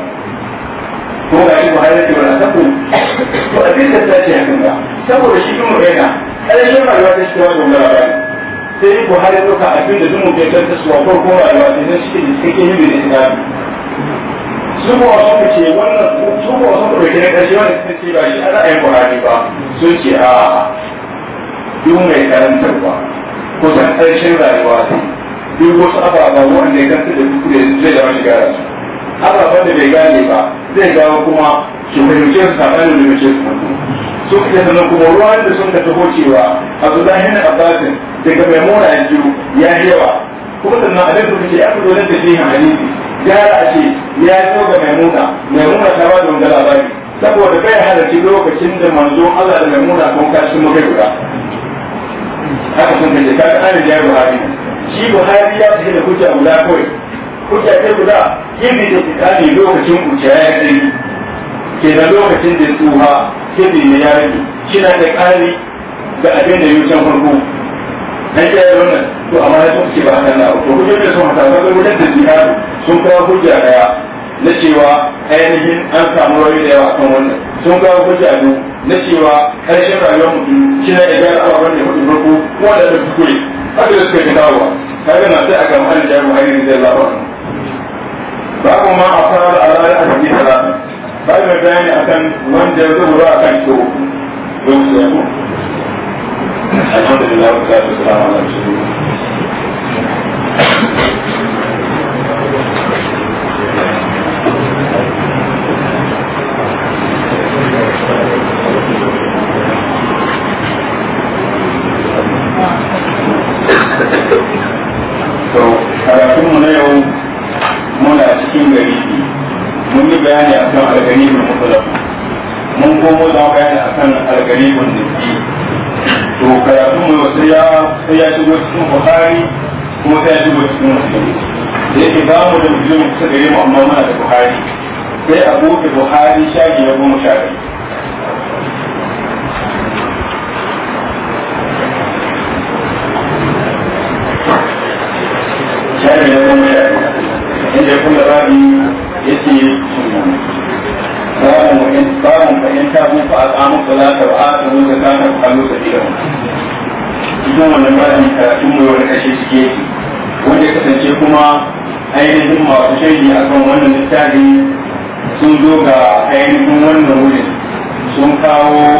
ko ga shi Buhari ce wala tabu to a cikin ta ce hakan da. saboda shi kuma kaina ai shi rayuwa ta shi wannan labarin sai Buhari doka abin da dumu ke tantacewa ko ko rayuwa ta shi ne sai ke yin da su ba su ka ce wannan su ba su ka ce na ƙarshe wanda suka ce ba shi ana yin Buhari ba sun ce a'a duk mai karantarwa kusan ƙarshen rayuwa ne duk wasu ababen wanda ya kanta da duk da zai da wani gara su ababen da bai gane ba zai dawo kuma su fahimce su saɓanin da mace su mutu sun fita sanar kuma ruwan da sun ka taho cewa abdullahi na abbasin daga mai mora ji ya yawa kuma sannan a nan suka ce ya fito nan da shi hadisi gyara a ce ya zo ga maimuna maimuna ta ba da wanda labari saboda bai halarci lokacin da manzo Allah da maimuna kun kashi mu kai guda haka kun da ka ga ana jihar buhari shi buhari ya fi da hujja guda kawai hujja ta guda yin da tsakani lokacin kuciya ya gani ke da lokacin da tsuha sai da ya rage shi na da ga abin da yau farko na yi wannan to amma ya sun ce ba haka na ko hujjar da sun hata ba ga wajen da jihar sun kawo hujja daya na cewa ainihin an samu rayu da yawa kan wannan sun ga hujja ne na cewa ƙarshen rayuwar mutum shi na iya ga ababen da mutum farko kuma da da kuskure haka da suka fi dawowa kaga na sai a kama an jami'a hanyar da zai ba ku ma a fara al'ada a cikin salatu babu mai bayani kan wanda ya zuwa akan kyau lokacin da الحمد لله والصلاة والسلام على رسول الله bayani a kan algaribin mutlaq mun komo za da bayani a akan algaribin nisbi to karatu mu wasu ya sai ya shigo cikin buhari kuma sai ya shigo cikin muslim da yake ba mu da mutum kusa gare mu amma muna da buhari sai a buɗe bukhari shafi na goma sha biyu وأقاموا الصلاة وآتوا الزكاة وخلوا سبيلهم cikin wannan bayan karatun mu wani kashe suke wanda kasance kuma ainihin masu shaidi akan wannan littafi sun zo ga ainihin wannan wurin sun kawo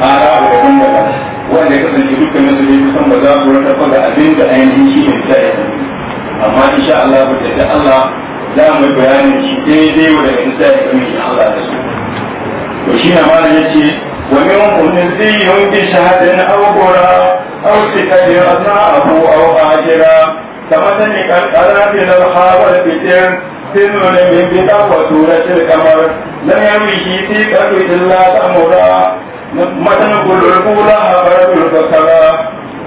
ƙara daban daban wanda kasance dukkanin su ne kusan ba za su rarrafa ga abin da ainihin shi ne ta yi amma insha Allah ba da Allah za mu bayani shi daidai daga kamar Allah da su to shi na mara yace wa min ummin ziyun bi shahadin aw gura aw sikari asna abu aw ajira kama sani kan qarafi lal khabar fitin sinu ne min bi taqwa kamar lam yamihi fi qalbi illa amura matan kullu kula habarul fasara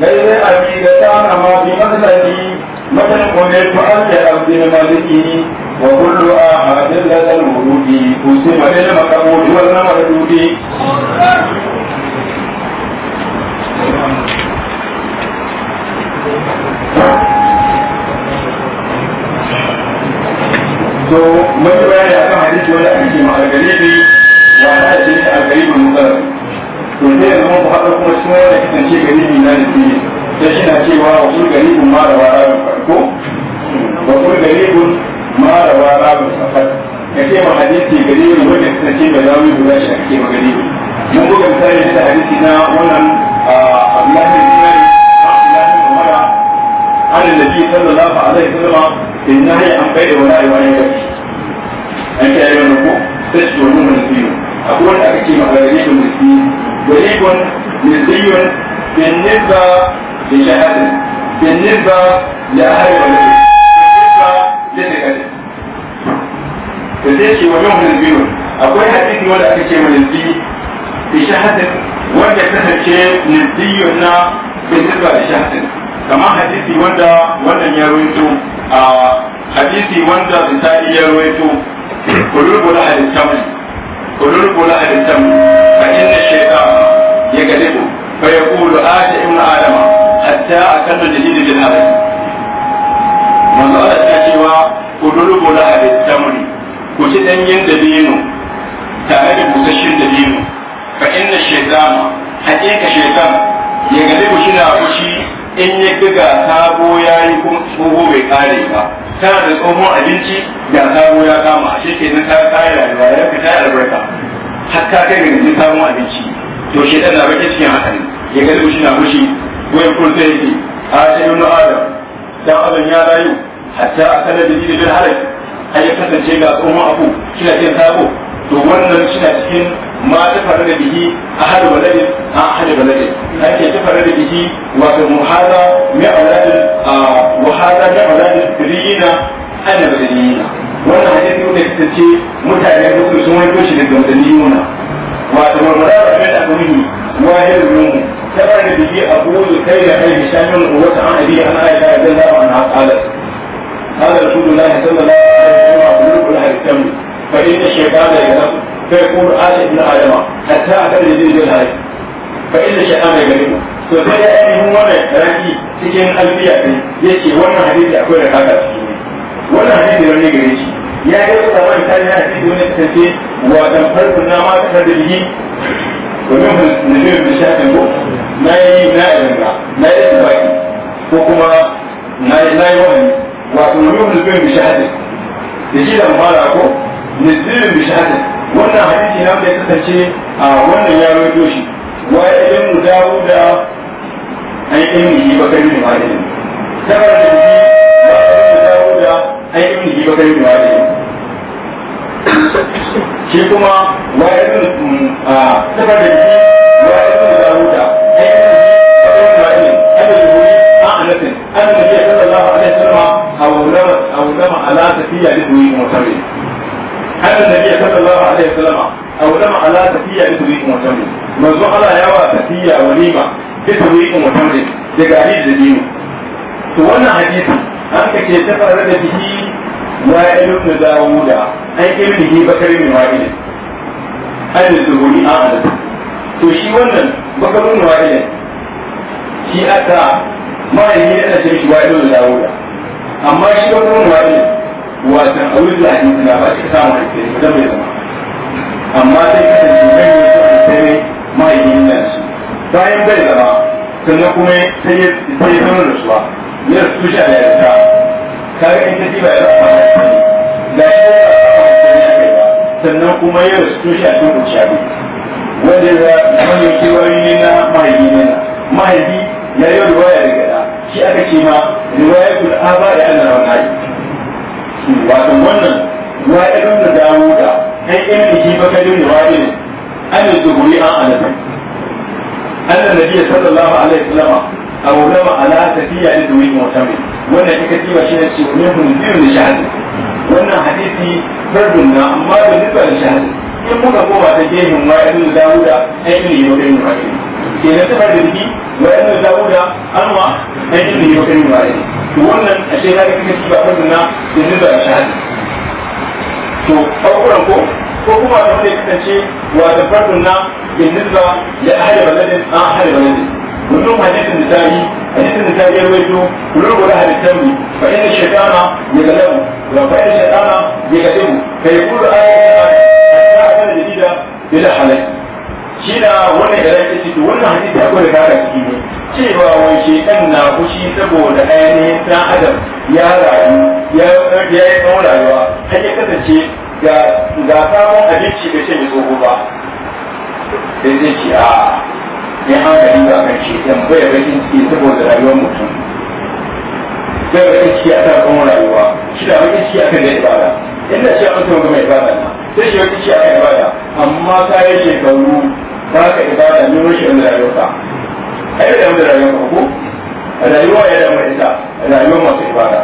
gaira abi da ta ma bi madlati مثل قلت أنت عبد الملك وكل أحد لدى الورود قسم للمقبول والمردود so mai bayani akan hadisi wanda ake cewa al-garibi wa hadisi al-garibi mutar to sai yanzu mun haɗa kuma shi wanda kasance garibi na da sai shi na cewa wa kun garibin ma da wara bin farko wa kun garibin ma da wara bin safar ka ce ma hadisi garibin wanda ta ce ba za mu guda shi ake ma garibin mun buga misali da hadisi na wannan Abdullahi bin Umar Abdullahi bin Umar an annabi sallallahu alaihi wasallam in nahi an bai da wani ayyuka ne an ta yi wannan ko sai shi wannan mulkiyo akwai wanda aka ce ma garibin mulkiyo garibin mulkiyo بالنسبة لشهادة بالنسبة لأهل ولده بالنسبة لزكاته فزيشي ويوم البيون أقول حديث ولا أكشي من البي بشهادة ولا تهشي نزينا بالنسبة لشهادة كما حديثي وندا وندا يرويتو آه حديثي وندا بتاعي يرويتو قلوب لها للتمر قلوب لها للتمر فإن الشيطان يقلبه فيقول آت ابن آدم hatta a kan da dalilin na harai manzo Allah ta cewa ku dulubu la hadith tamri ku ci danyen dabino tare da busasshen dabino fa inna shaytana hakika shaytan ya galibu shi na fushi in ya ga sabo yayi kuma tsoho bai kare ba tana da tsohon abinci da sabo ya kama a shi kenan ta kare rayuwa ya fita albarka har ta kai ga sabon abinci to shaytan na bakin cikin hakan ya galibu shi na fushi wai kun ta yake a ibn dan adam ga tsohon abu kina to wannan shina cikin ma ta fara da bihi ahadu baladin a ahadu baladin ake ta da bihi wato wanda da da kuma wahid min tabar da shi abu da kai da kai shamin wata an abi an aisha radiyallahu anha halar halar rasulullah sallallahu alaihi wa sallam qul hakim fa inna shaytana yanam fa yaqul ala ibn adam hatta akal yadil hayy fa inna shaytana yanam to sai da ainihin wannan raki cikin albiya ne yace wannan akwai da wannan shi ya ga tsawon ta a cikin wani tafi wa dan farko na ma ta da yi domin mun ne mun shafin ko na yi na yi na yi tsaki ko kuma na yi na yi wani wato domin mun bin bishahadin da shi da fara ko ne nizilin bishahadin wannan hadisi na da ya kasance a wannan ya rawaito shi wa ya mu dawo da an yi ilmi bakari da malami saboda shi ba mu dawo da ai ibn jiba kai ne wani shi kuma wa ibn mm, a tabar da shi wa ibn zaruda ai ibn jiba kai ne wani ibn jiba a anatin an nabi sallallahu alaihi wasallam awlama awlama ala tafiya lidwi mutawi an nabi sallallahu alaihi wasallam awlama ala tafiya lidwi mutawi manzo ala ya wa tafiya walima lidwi mutawi daga hadisi da dinu to wannan hadisi an ka ke tafara da bihi وائل بن داوود عن ابنه بكر بن وائل عن الزهري عن to shi wannan bakarun ne shi aka ma'ayi yana ce shi wa'ilin da dawuda amma shi bakarun ne wasan a wurin lafi na ba shi samun da ke da mai zama amma sai kasance mai yi su a tsere ma'ayi yana su bayan bai zama sannan kuma sai ya zama da suwa ya su shi a yarda kare in ta ba ya zama da shi da shi ba a kai ba sannan kuma ya rasu to shi a cikin kuciya ne wanda ya zama wani kewayi ne na mahaifi ne na mahaifi ya yi riwaya daga da shi aka ce ma riwaya kun aba da ana yi. wato wannan wa'idun da dawo da kai irin da shi bakarin ne. an yi zuhuri an annabi annabi sallallahu alaihi wasallam aw rama ala tafiya ne domin mutum wannan ita ce shi ne cewa mun biyu ne shahadi wannan hadisi barbun na amma da nufa da shahadi in muka koma ta gehen da dawuda sai ne yau da wa'idun ke na tabar da biki wa'idun dawuda anwa sai ne yau da wa'idun to wannan a shi na ga kake ci ba barbun na da nufa da shahadi to farkon ko ko kuma wanda ya kasance wa da barbun na bin nufa da ahli baladin an ahli baladin ومنهم حديث النسائي حديث النسائي يرويته قلوب أهل الذنب فإن الشيطان يغلبه وفإن الشيطان يغلبه فيقول آية الساعة الجديدة إلى حلال shina wannan da zai ciki wannan hadisi akwai da kara ne cewa wai shekan na fushi saboda ainihin dan adam ya rayu ya ya yi tsawon rayuwa har ya kasance ga sabon abinci da shan ya tsoho ba sai an gari ba kan shekan bai bakin ciki saboda rayuwar mutum bai bakin ciki a kan kuma rayuwa shi da bakin ciki a kan da ibada inda shi a mutum ga mai ibada na sai shi bakin ciki a kan ibada amma ta yi shekaru ba ka ibada ne wani shi wanda rayuwarka a yi da wanda rayuwarka ko rayuwa ya da mai ita rayuwar masu ibada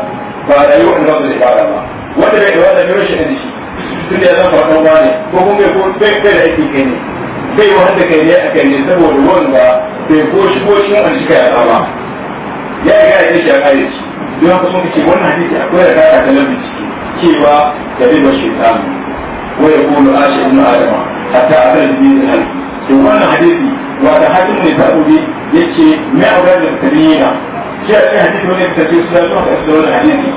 ba rayuwar da masu ibada ba wanda bai da wanda ne wani shi da shi tun da ya zama ba wani ko kuma bai da aiki kai ne kai wahar kai ne a kan ne saboda wanda bai ko shi ko shi wani shika ya tsama ya riga ya shi a kare shi don haka sun ce wannan hadisi akwai da kara ta lafi ciki cewa da bai bashi samu waya kulu ashe ibn adama hatta a da biyu da to wannan hadisi wata hakim ne ta ubi yace mai auren da tabiyina shi a cikin hadisi wani ta ce suna zuwa ka suna wannan hadisi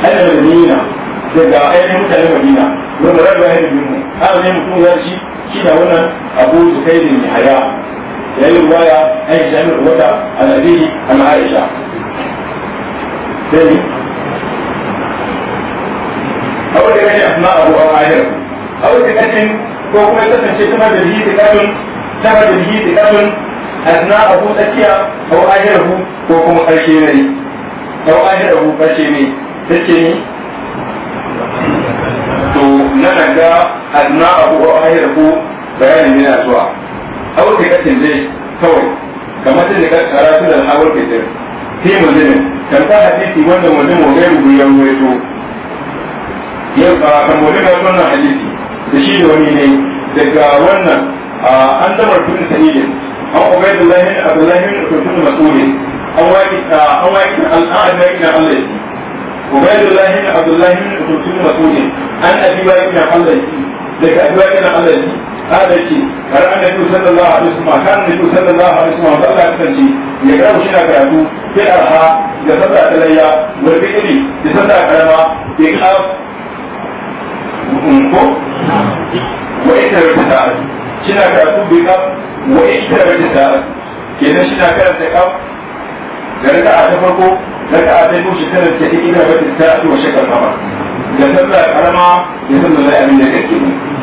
ana da daga ainihin mutanen madina wanda rabu ya yi da biyu ana ne mutum ya ci. kina wannan abu zukailin yahya ya yi ruwaya an shi jami'ar wata al'adini an aisha sai abu da kashin asma abu a ayar abu da kashin ko kuma kasance tana da bihi da kashin tana da bihi da kashin asna abu tsakiya ko ayar ko kuma karshe ne ko ayar ko karshe ne take ni na daga adna abu ko ahirahu bayanin yana zuwa aure kacin dai kawai kamar da ka karatu da aure kacin fi mulmin kan ta hadisi wanda mulmin wa gairu ya ruwaito yau a kan mulmin ya wannan hadisi da shi da wani ne daga wannan an damar tun sa'idin an ubaidullahi abdullahi bin mas'ulin an waƙi an waƙi an an waƙi na Allah ya ubaydullah ibn abdullah ibn kulthum mas'ud an abi bakr ibn al-hayy daga abi bakr ibn al-hayy hada ce har an nabi sallallahu alaihi wasallam kan nabi sallallahu alaihi wasallam Allah ya kace ya ga shi na karatu sai arha da sallah talayya wal bidri da sallah karama ya ka mm-hmm. ko wa ita rabita shi na karatu bi ka wa ita da raka a ta farko raka a ta biyu shi tana ta ɗin ina wata ta ɗuwa shakar sama da sallah karama da sallah zai abin da kake ne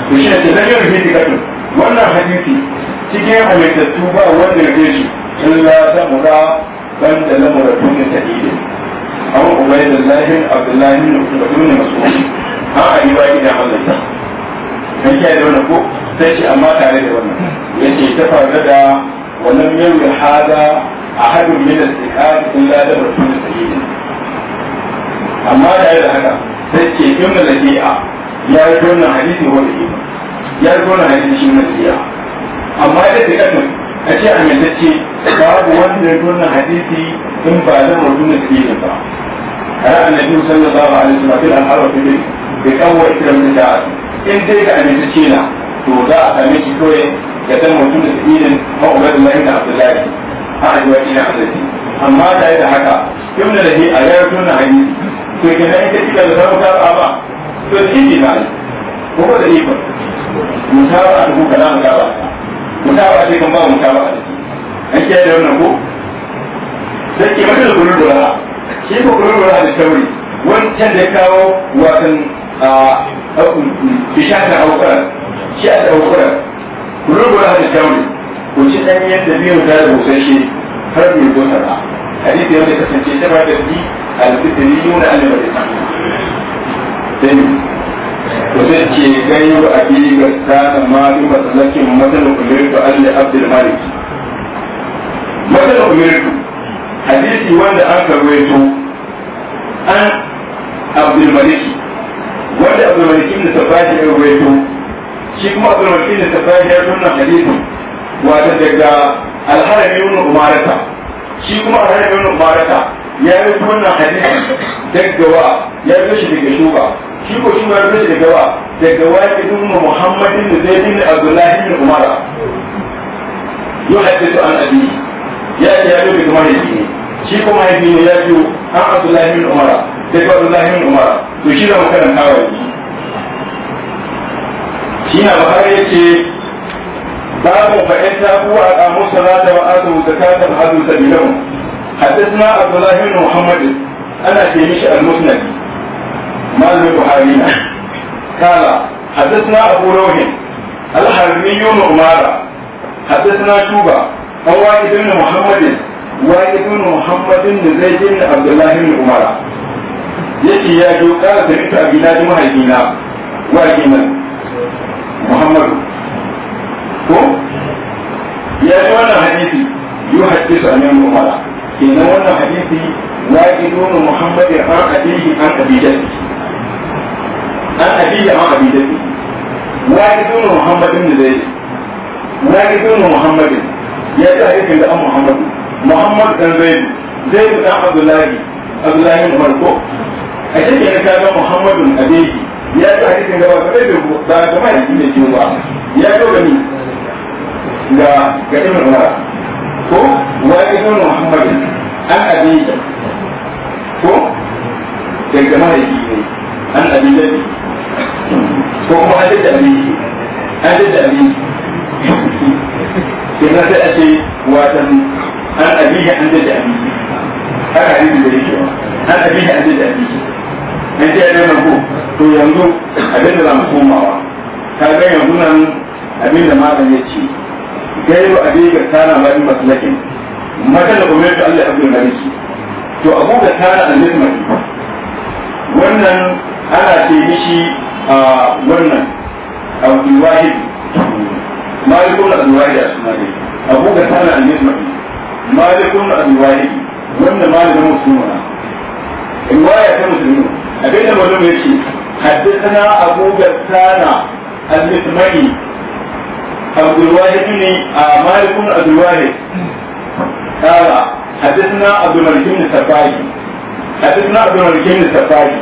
to shi ne zai yi rufe ta wannan hadisi cikin halittattu ba wanda ya shi illa zamura banda lamura tuni ta ɗin abu ubaidullahi abdullahi ne masu an a yi wa kiyaye sai amma tare da wannan faru da wannan yau أحد من السكان إلا لرسول سعيد أما لا إلى هذا تسكي كم الذيئة يا رجلنا حديثي هو الإيمان يا رجلنا حديثي من الذيئة أما إذا تكتم أشياء من تسكي باب وان رجلنا حديثي إن بعد رسول سعيد أرى النبي صلى الله عليه وسلم في الأنهار في بيت بقوة إكرام الدعاء إن تلك أن تسكينا to za a same shi kawai ya san mutum da tsirin ma'ubar da mahimmin abdullahi a rayuwar ina alaji amma tare da haka yau da lahi a yayar tuna hadisi to ke nan ita ita da zama ta ba ba to shi ne na ko ko da ikon mutawa da kuka na mutawa mutawa ce kan ba mutawa an kiyaye da wannan ko sai ke mata da kullu da shi ko kullu da da tauri wancan da ya kawo wasan a bishata aukar shi a aukar kullu da da tauri ku ci ɗanyen da biyun da shi har mai gota ba hadisi yau da kasance ta ba da bi alfitiri yau da alimar da sami ku sai ce gani wa abi ga tsanan malu matsalakin matsalar umirtu allah abdul malik matsalar umirtu hadisi wanda an karwaito an abdul Malik wanda abdul maliki da tafashi ya rawaito shi kuma abdul maliki da tafashi ya nuna hadisi wata daga alharami wani umarata shi kuma alharami wani umarata ya yi wannan hadisi daga wa ya yi shi daga shuba shi ko shuba ya yi shi daga wa daga wa ya yi muhammadin da zai bin abdullahi da umara yau hadisu an abi ya ce ya yi daga mahaifi ne shi kuma ya ne ya biyo an abdullahi bin umara daga abdullahi bin umara to shi da makaran kawai shi na bakar ya ce باب فإن تابوا أقاموا الصلاة وآتوا الزكاة فهدوا سبيلهم حدثنا عبد الله بن محمد أنا تيمش المسند مال البخاري قال حدثنا أبو روح الحرمي بن عمارة حدثنا شوبة عن والد بن محمد والد بن محمد بن زيد بن عبد الله بن عمارة يأتي يا جو قال سمعت أبي نادي مهيجينا واجينا محمد ko ya yi wannan hadisi yu hadisu an yamma mala kenan wannan hadisi na idonu muhammadin an abihi an abidai an abihi an abidai na idonu muhammadin da zai na idonu muhammadin ya ji hadisin da an muhammadu muhammadu dan zaidu zaidu dan abdullahi abdullahi umar ko a ke ka ga muhammadun abihi ya ji hadisin da ba ka zaidu ba ga mai ne ba ya ga ni ga ga ibn umar ko wa ibn muhammad an abida ko daga yi ne an abida ne ko kuma an da abidi an da abidi kenan sai a ce watan an abida an da abidi haka hadisi da yake an abida an da abidi an ce ne ko to yanzu abin da za mu komawa ka ga yanzu nan abin da malam ya ce gairu abi ga kana mai maslakin magana umar da Allah ya abdul malik to abu ga tana al-nidmah wannan ana ce mishi a wannan abdul wahid malikun abdul wahid a suna dai abu ga tana al-nidmah malikun abdul wahid wannan malamin musulmana in ya ta musulmi abinda malum yake حدثنا أبو بسانة المثمري عبد الواحد بن مالك بن عبد الواحد قال حدثنا عبد الملك بن السفاعي حدثنا عبد الملك بن السفاعي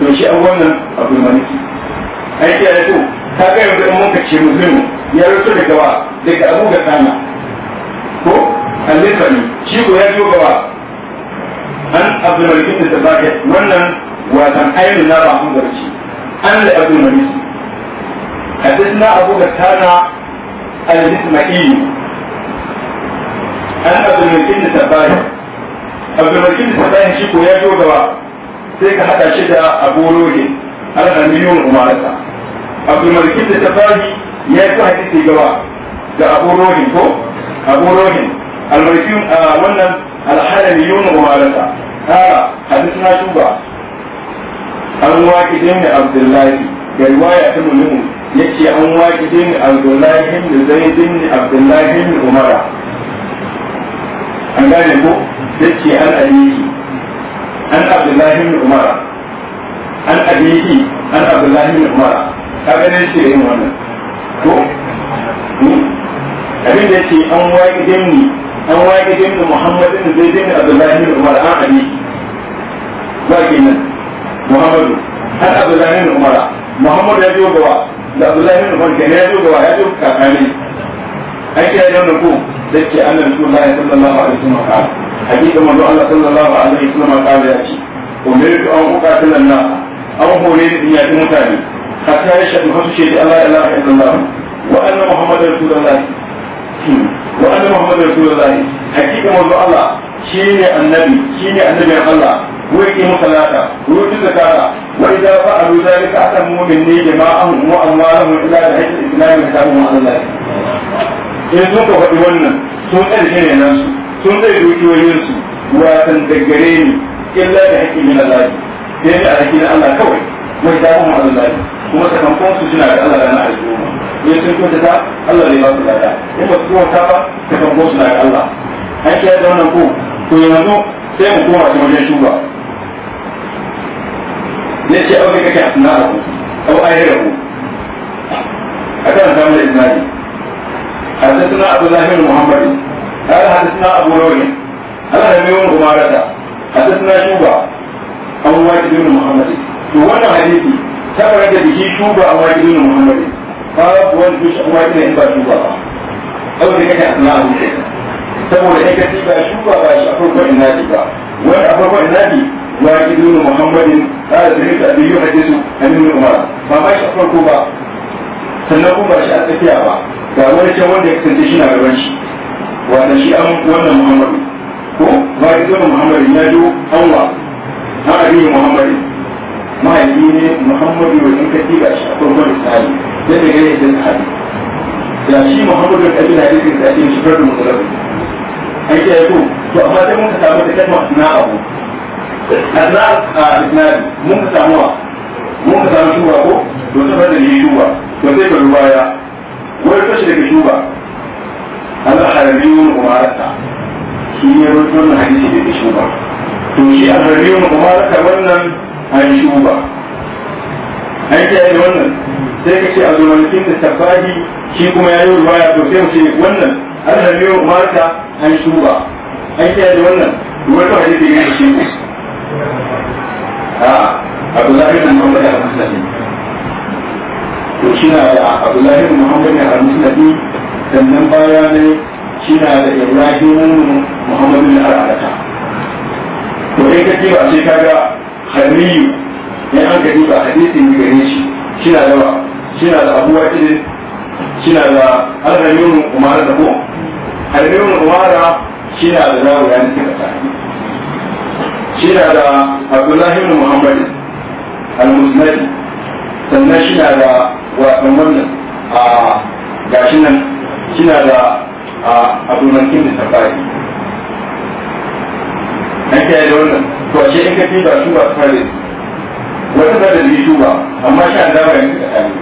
to shi awwalan abu malik ai ke da to ta ga yanzu in muka ce muslimu ya rasu daga daga abu ga sana ko al ne, shi ko ya biyo gawa an abdul malik ta sabaka wannan watan ayyun na ba mun garci an da abdul na abu أبو غسان al-ismaili an abdulmakin da tabbari abdulmakin da tabbari ko ya zo gaba sai ka haɗa shi da abu rohe al-hamiyun umarata abdulmakin da tabbari da abu rohe ko abu rohe al-malikiyun wannan al-halamiyun umarata ha hadisi abdullahi da riwaya ta mulimu yace an waki din abdullahi bin zaid bin abdullahi bin umar an gane ko yace an alihi an abdullahi bin umar an abihi an abdullahi bin umar kaga ne shi yin wannan ko hmm. abin da an waki din an waki din muhammad bin zaid bin abdullahi bin an abihi ba kenan muhammadu an muhammad ya biyo gawa da abdullahi ibn farka ne ya biyo gawa ya biyo kakani an kira da wannan ko da ke annabi sallallahu alaihi wasallam ka hakika manzo Allah sallallahu alaihi wasallam ka ya ce umirtu an uqatila an-nas aw hore ya dunya mutane hatta ya shahadu hasu ce Allah la ilaha illallah wa anna muhammadar rasulullah wa anna muhammad rasulullahi hakika manzo allah shine annabi shine annabi allah wa yake musalata wa yake zakata wa idza fa'alu dhalika atam mu'minni jama'ahum wa amwaluhum ila hadhihi al-islam wa sallallahu alaihi in sun ka faɗi wannan sun ɗan shi ne nan su sun zai doki wajen su wasan daggare ni illa da haƙƙi min Allah a haƙƙi na Allah kawai wai da kuma Allah kuma suna da Allah da na arziki ya sun kyauta ta Allah ne ba su in ba su kyauta ba ta kan gosu na Allah an kiyaye da wannan ko to yanzu sai mu koma shi wajen shuba ne ce auki kake a suna rahu au yi rahu a kan samun isnadi حدثنا عبد الله بن محمد قال حدثنا ابو روح قال ربيع بن عمارة حدثنا شوبة عن واجد بن محمد وانا حديثي تبرد به شوبة عن واجد بن محمد babu wani dushe kuma ya in ba shuka ba abu da kake asna abu ke saboda ya ka ba shuka ba shi a farko farkon inadi ba wani a farko ba ya wani nuna muhammadin tsara da rinka da yi su a nuna umar ba ma shi a farko ba sannan kuma ba shi a tsakiya ba ga wani can wanda ya kasance shi na gaban shi wanda shi an wannan muhammadu ko ba ya zama muhammadin ya an wa na abin muhammadin mahaifi ne muhammadu wani katiba shi a farko farkon tsari sai da gare idan sahabi da shi muhammadu da abin hadisin da ake shi farko mutalabi an ke yato to amma sai mun ka samu da kalma na abu na a mun ka samu mun ka samu shuwa ko to saboda da yi shuwa to sai ka ruwaya wani kashi daga shuwa Allah harbi wani umarata shi ne wannan hadisi daga shuwa to shi a harbi wani umarata wannan an shuwa an ke yi wannan sai ka ce a zumanikin da tabbahi shi kuma ya yi ruwaya to sai mu wannan an rabe marka an shuba an kiyaye wannan ruwan ta hadisi da shi a abdullahi bin muhammad al-muslimi to shi na da abdullahi bin muhammad al-muslimi sannan baya ne shi na da ibrahim muhammad bin al-arata to in ka ce ba sai kaga khaliyu ne an gani ba hadisi ne gare shi shina da ba shina da abuwa idin shina da alhamdulillah umara da ko alhamdulillah umara shina da zawo ya nika kasa shina da abdullahi bin muhammad al-musnad sannan shina da wasan wannan a gashin nan shina da abdullahi da safari an kai da wannan to shi in ka fi ba su ba su fare wata da bi shuba amma shi an dama yanzu ka sami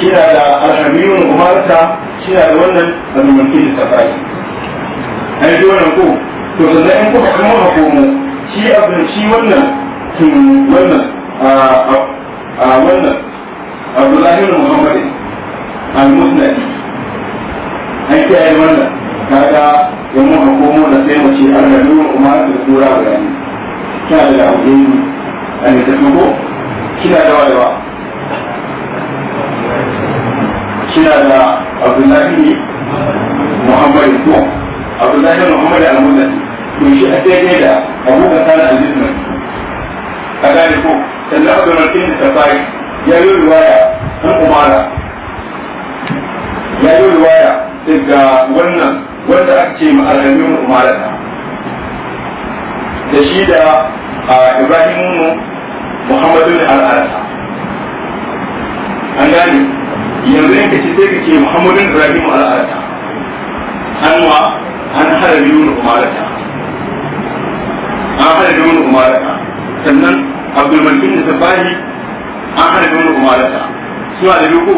shi na da alhamiyun umarta shi na da wannan azumanci da safari an yi wannan ko to sannan in kuka kuma ka komo shi abin shi wannan kin wannan a wannan abdullahi bin muhammad al-musnadi an kiyaye wannan kaga in muka komo da sai mu ce alhamiyun umarta da tura bayani kya da abu a ne ta tuko kina da wayewa kina da abdullahi ne muhammad ko abdullahi muhammadu al-mudani to shi a daidai da abubakar sana al-jisman a gane ko sannan abdullahi da safari ya yi riwaya an umara ya yi riwaya daga wannan wanda aka ce ma alhamin umara da shi da ibrahim muhammadu ne al'arasa an gane yanzu yanka ce sai ka ce muhammadu ibrahim al'arasa an wa an hada biyu umarata an hada biyu umarata sannan abdulmalikin da sabahi an hada biyu umarata suna da biyu ko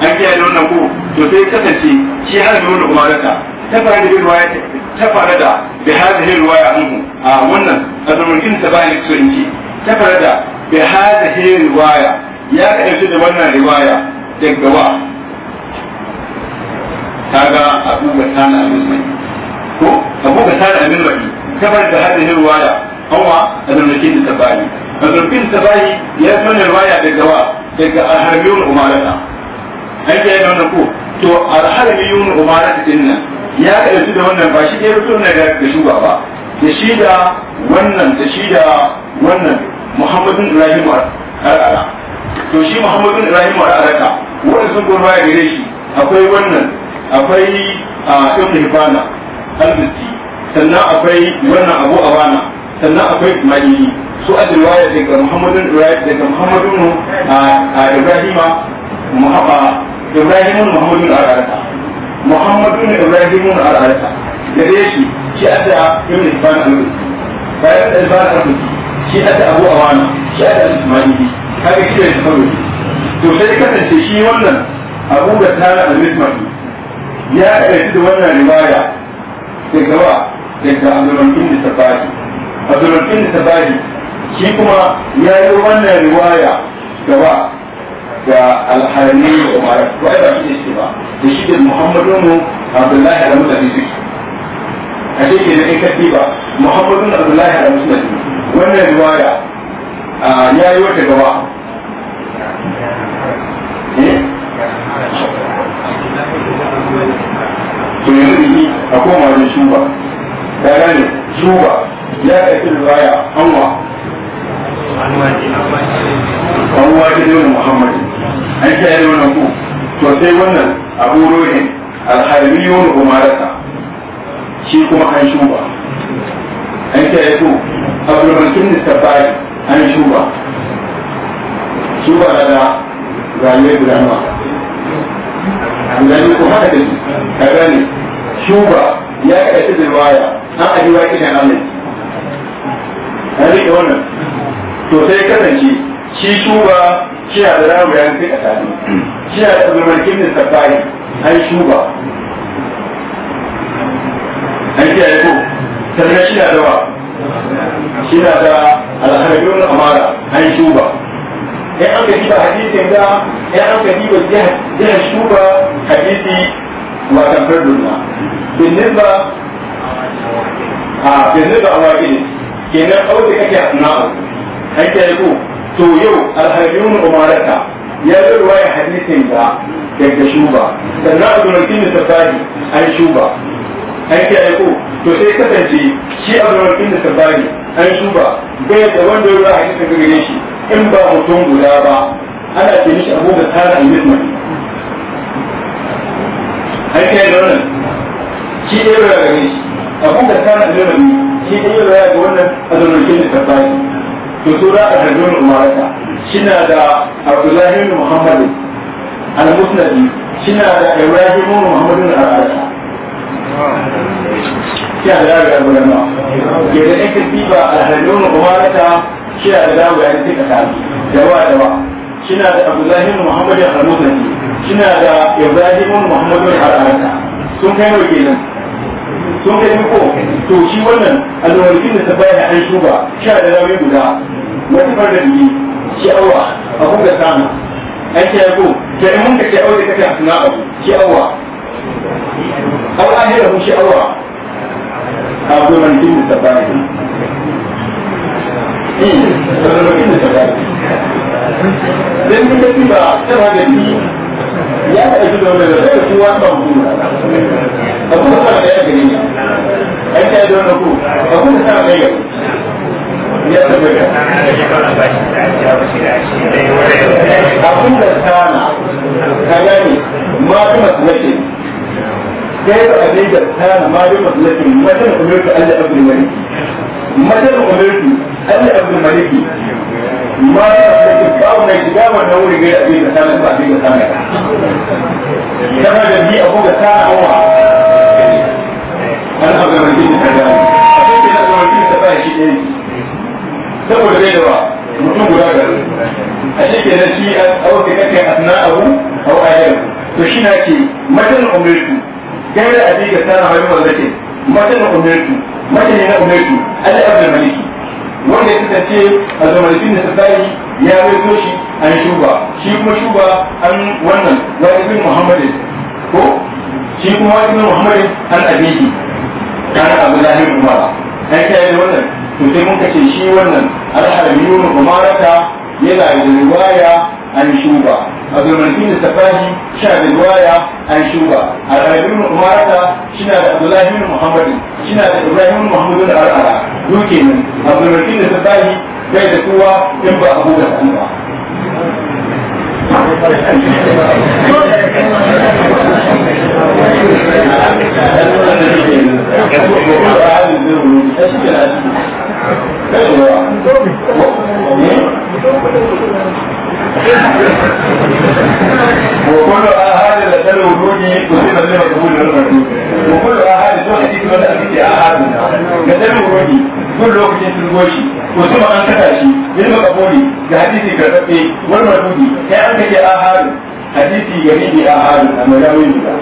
an kiyaye wannan ko to sai kasance shi hada biyu umarata تفعل بالرواية تفعل بهذه الرواية عنه ومن ونن أظن إن تبعي سنتي تفعل بهذه الرواية يا كأنت دا ونن رواية تقوى هذا أبو بسان المسلم هو أبو بسان المسلم تفعل بهذه الرواية هو أظن إن تبعي أظن إن تبعي يا ونن الرواية تقوى تقوى أهرميون أمارتها أنت يا نقول to alharami yun umarat din nan ya karatu da wannan ba shi ne fito ne ga shuga ba da shi da wannan da shi da wannan muhammadun ibrahim al'ala to shi muhammadun ibrahim al'alaka wanda sun gona ya gare shi akwai wannan akwai a ibn hibana al-bisti sannan akwai wannan abu awana sannan akwai ma'ini su a riwaya daga muhammadun ibrahim daga muhammadun ibrahim muhammad ibrahim muhammadu na al'arata muhammadu na ibrahim na da gare shi shi ada ibn ibn al-arbi bayan da ibn al-arbi shi ada abu a awana shi ada al-ismaili kaga shi ne da tafaru to sai kasance shi wannan abu da tana al-ismaili ya aiki da wannan riwaya daga wa daga abdurrahman da sabari abdurrahman da sabari shi kuma ya yi wannan riwaya gaba da alharami da umar ba ba shi ne ba da shi da muhammadu mu abdullahi da mutane su a ce ke da in kaɗi ba muhammadu abdullahi da mutane wannan riwaya ya yi wata gaba eh? to yanzu da shi a koma da su ba ya gane su ba ya ɗauki riwaya anwa an wajen muhammadu an kiyaye wannan ku to sai wannan abu rohin alharbi kuma umarata shi kuma an shuba an kiyaye ku abdul mansur ne sabai an shuba shuba na da rayuwar guda nawa an gani ko haka dai ka gani shuba ya kaɗa da riwaya an ajiwa kidan amin an riƙe wannan to sai kasance shi shuba shi a da ramu ya kai kasa ne shi a da mulkin da sabai an shuba an kiya ya ko sannan shi na da wa shi na da alhamdulillah amara an shuba in an ka diba hadisin da in an ka diba jihar shuba hadisi watan firdun na bin ba a bin nisba a wakili kenan kawai da kake a sana'ar an kiya ya ko to yau alhayyun umarata ya zarwa ya hadisin ga daga shuba sannan abu mai da safari an shuba an ke ko to sai kasance shi abu mai da safari an shuba bai da wanda ya a hadisin ga gare shi in ba mutum guda ba ana ce mishi abu da tara al-mismani an ke aiko nan shi ɗaya ga gare shi abu da tara al-mismani shi ɗaya ruwaya ga wannan abu mai da safari to su za a jirgin umarata shina da abdullahi bin muhammadu al-musnadi shina da ibrahim bin muhammadu al-arata kina da yaro yaro da nawa ke da yake tiba al-hajjun umarata kina da dawo ya tika tabi dawa dawa shina da abdullahi bin muhammadu al-musnadi shina da ibrahim bin muhammadu al-arata sun kai wa kenan sun kai ko to shi wannan alwarkin da ta bayyana an shuba sha da rami guda wata farda ne shi awa abu da sana an ce yago da mun ka ce awa da kake suna abu shi awa aw ahira hu shi awa a man din eh, da ta bayyana eh da rami da bayyana dan mun da ba ta da ni ya ka shi da wannan sai ku wanda ku abu ka da ya gani ai ta da wannan ku abu ka da ya ya ta da abun da kana ka gani ma kuma nace sai ka abin da kana ma kuma nace ma kuma ka Allah abdul malik ma kuma ka Allah abdul malik ما تفلت الأول كتاب ولا أول جاء في مسامة بعد مسامة كما جدي أبوك ساعة هو أنا أبغى أجيب الكلام أبغى أجيب الكلام شيء saboda bai da ba mutum guda gari a shi na shi a ɗauke kake asna abu a wa'ayar to shi na ke matan umirtu gaira a jiga sana wani wanda ke matan umirtu matan ne na umirtu ala abdul maliki wanda ya ce a zamanin da tsari ya so shi an shuba shi kuma shuba an wannan wajibin muhammadin ko shi kuma wajibin muhammadin an abiki kan abu lahir umara an kai wannan to sai mun kace shi wannan alharami yunu umarata yana da riwaya an shuba abdulmalki da safari shi da duwaya an shuba a rabin umarata shi da abdullahi bin وكل آهاد لدى الوجود يقسم لما تقول للمردود وكل آهاد تؤتي كما تأتي آهاد لدى الوجود كل وقت تلوشي وسمع أن تتاشي بالمقبول لحديث كرتبي والمردود كأنك يا آهاد hadisi gari ne a harin a madawin da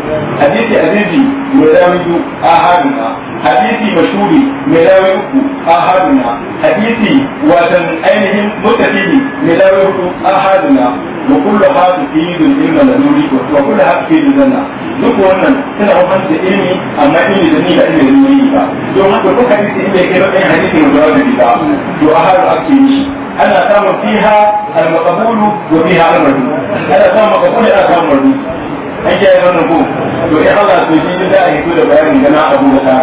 hadisi azizi madawin du a harin na hadisi mashuri madawin uku a harin na hadisi watan ainihin mutafili madawin uku a harin na wa kullu hadu fi yidin ilma da nuri wa kullu hadu fi yidin zanna duk wannan tana hukunta ilimi amma ilimi da ni da ba don haka duk ake yi أنا أثام فيها المقبول وفيها المردود أنا أثام مقبول أثام مردود أي شيء يظن نقول لو إحنا الله سبحانه وتعالى يقول بيان جماعة أبو بكر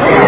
Thank you.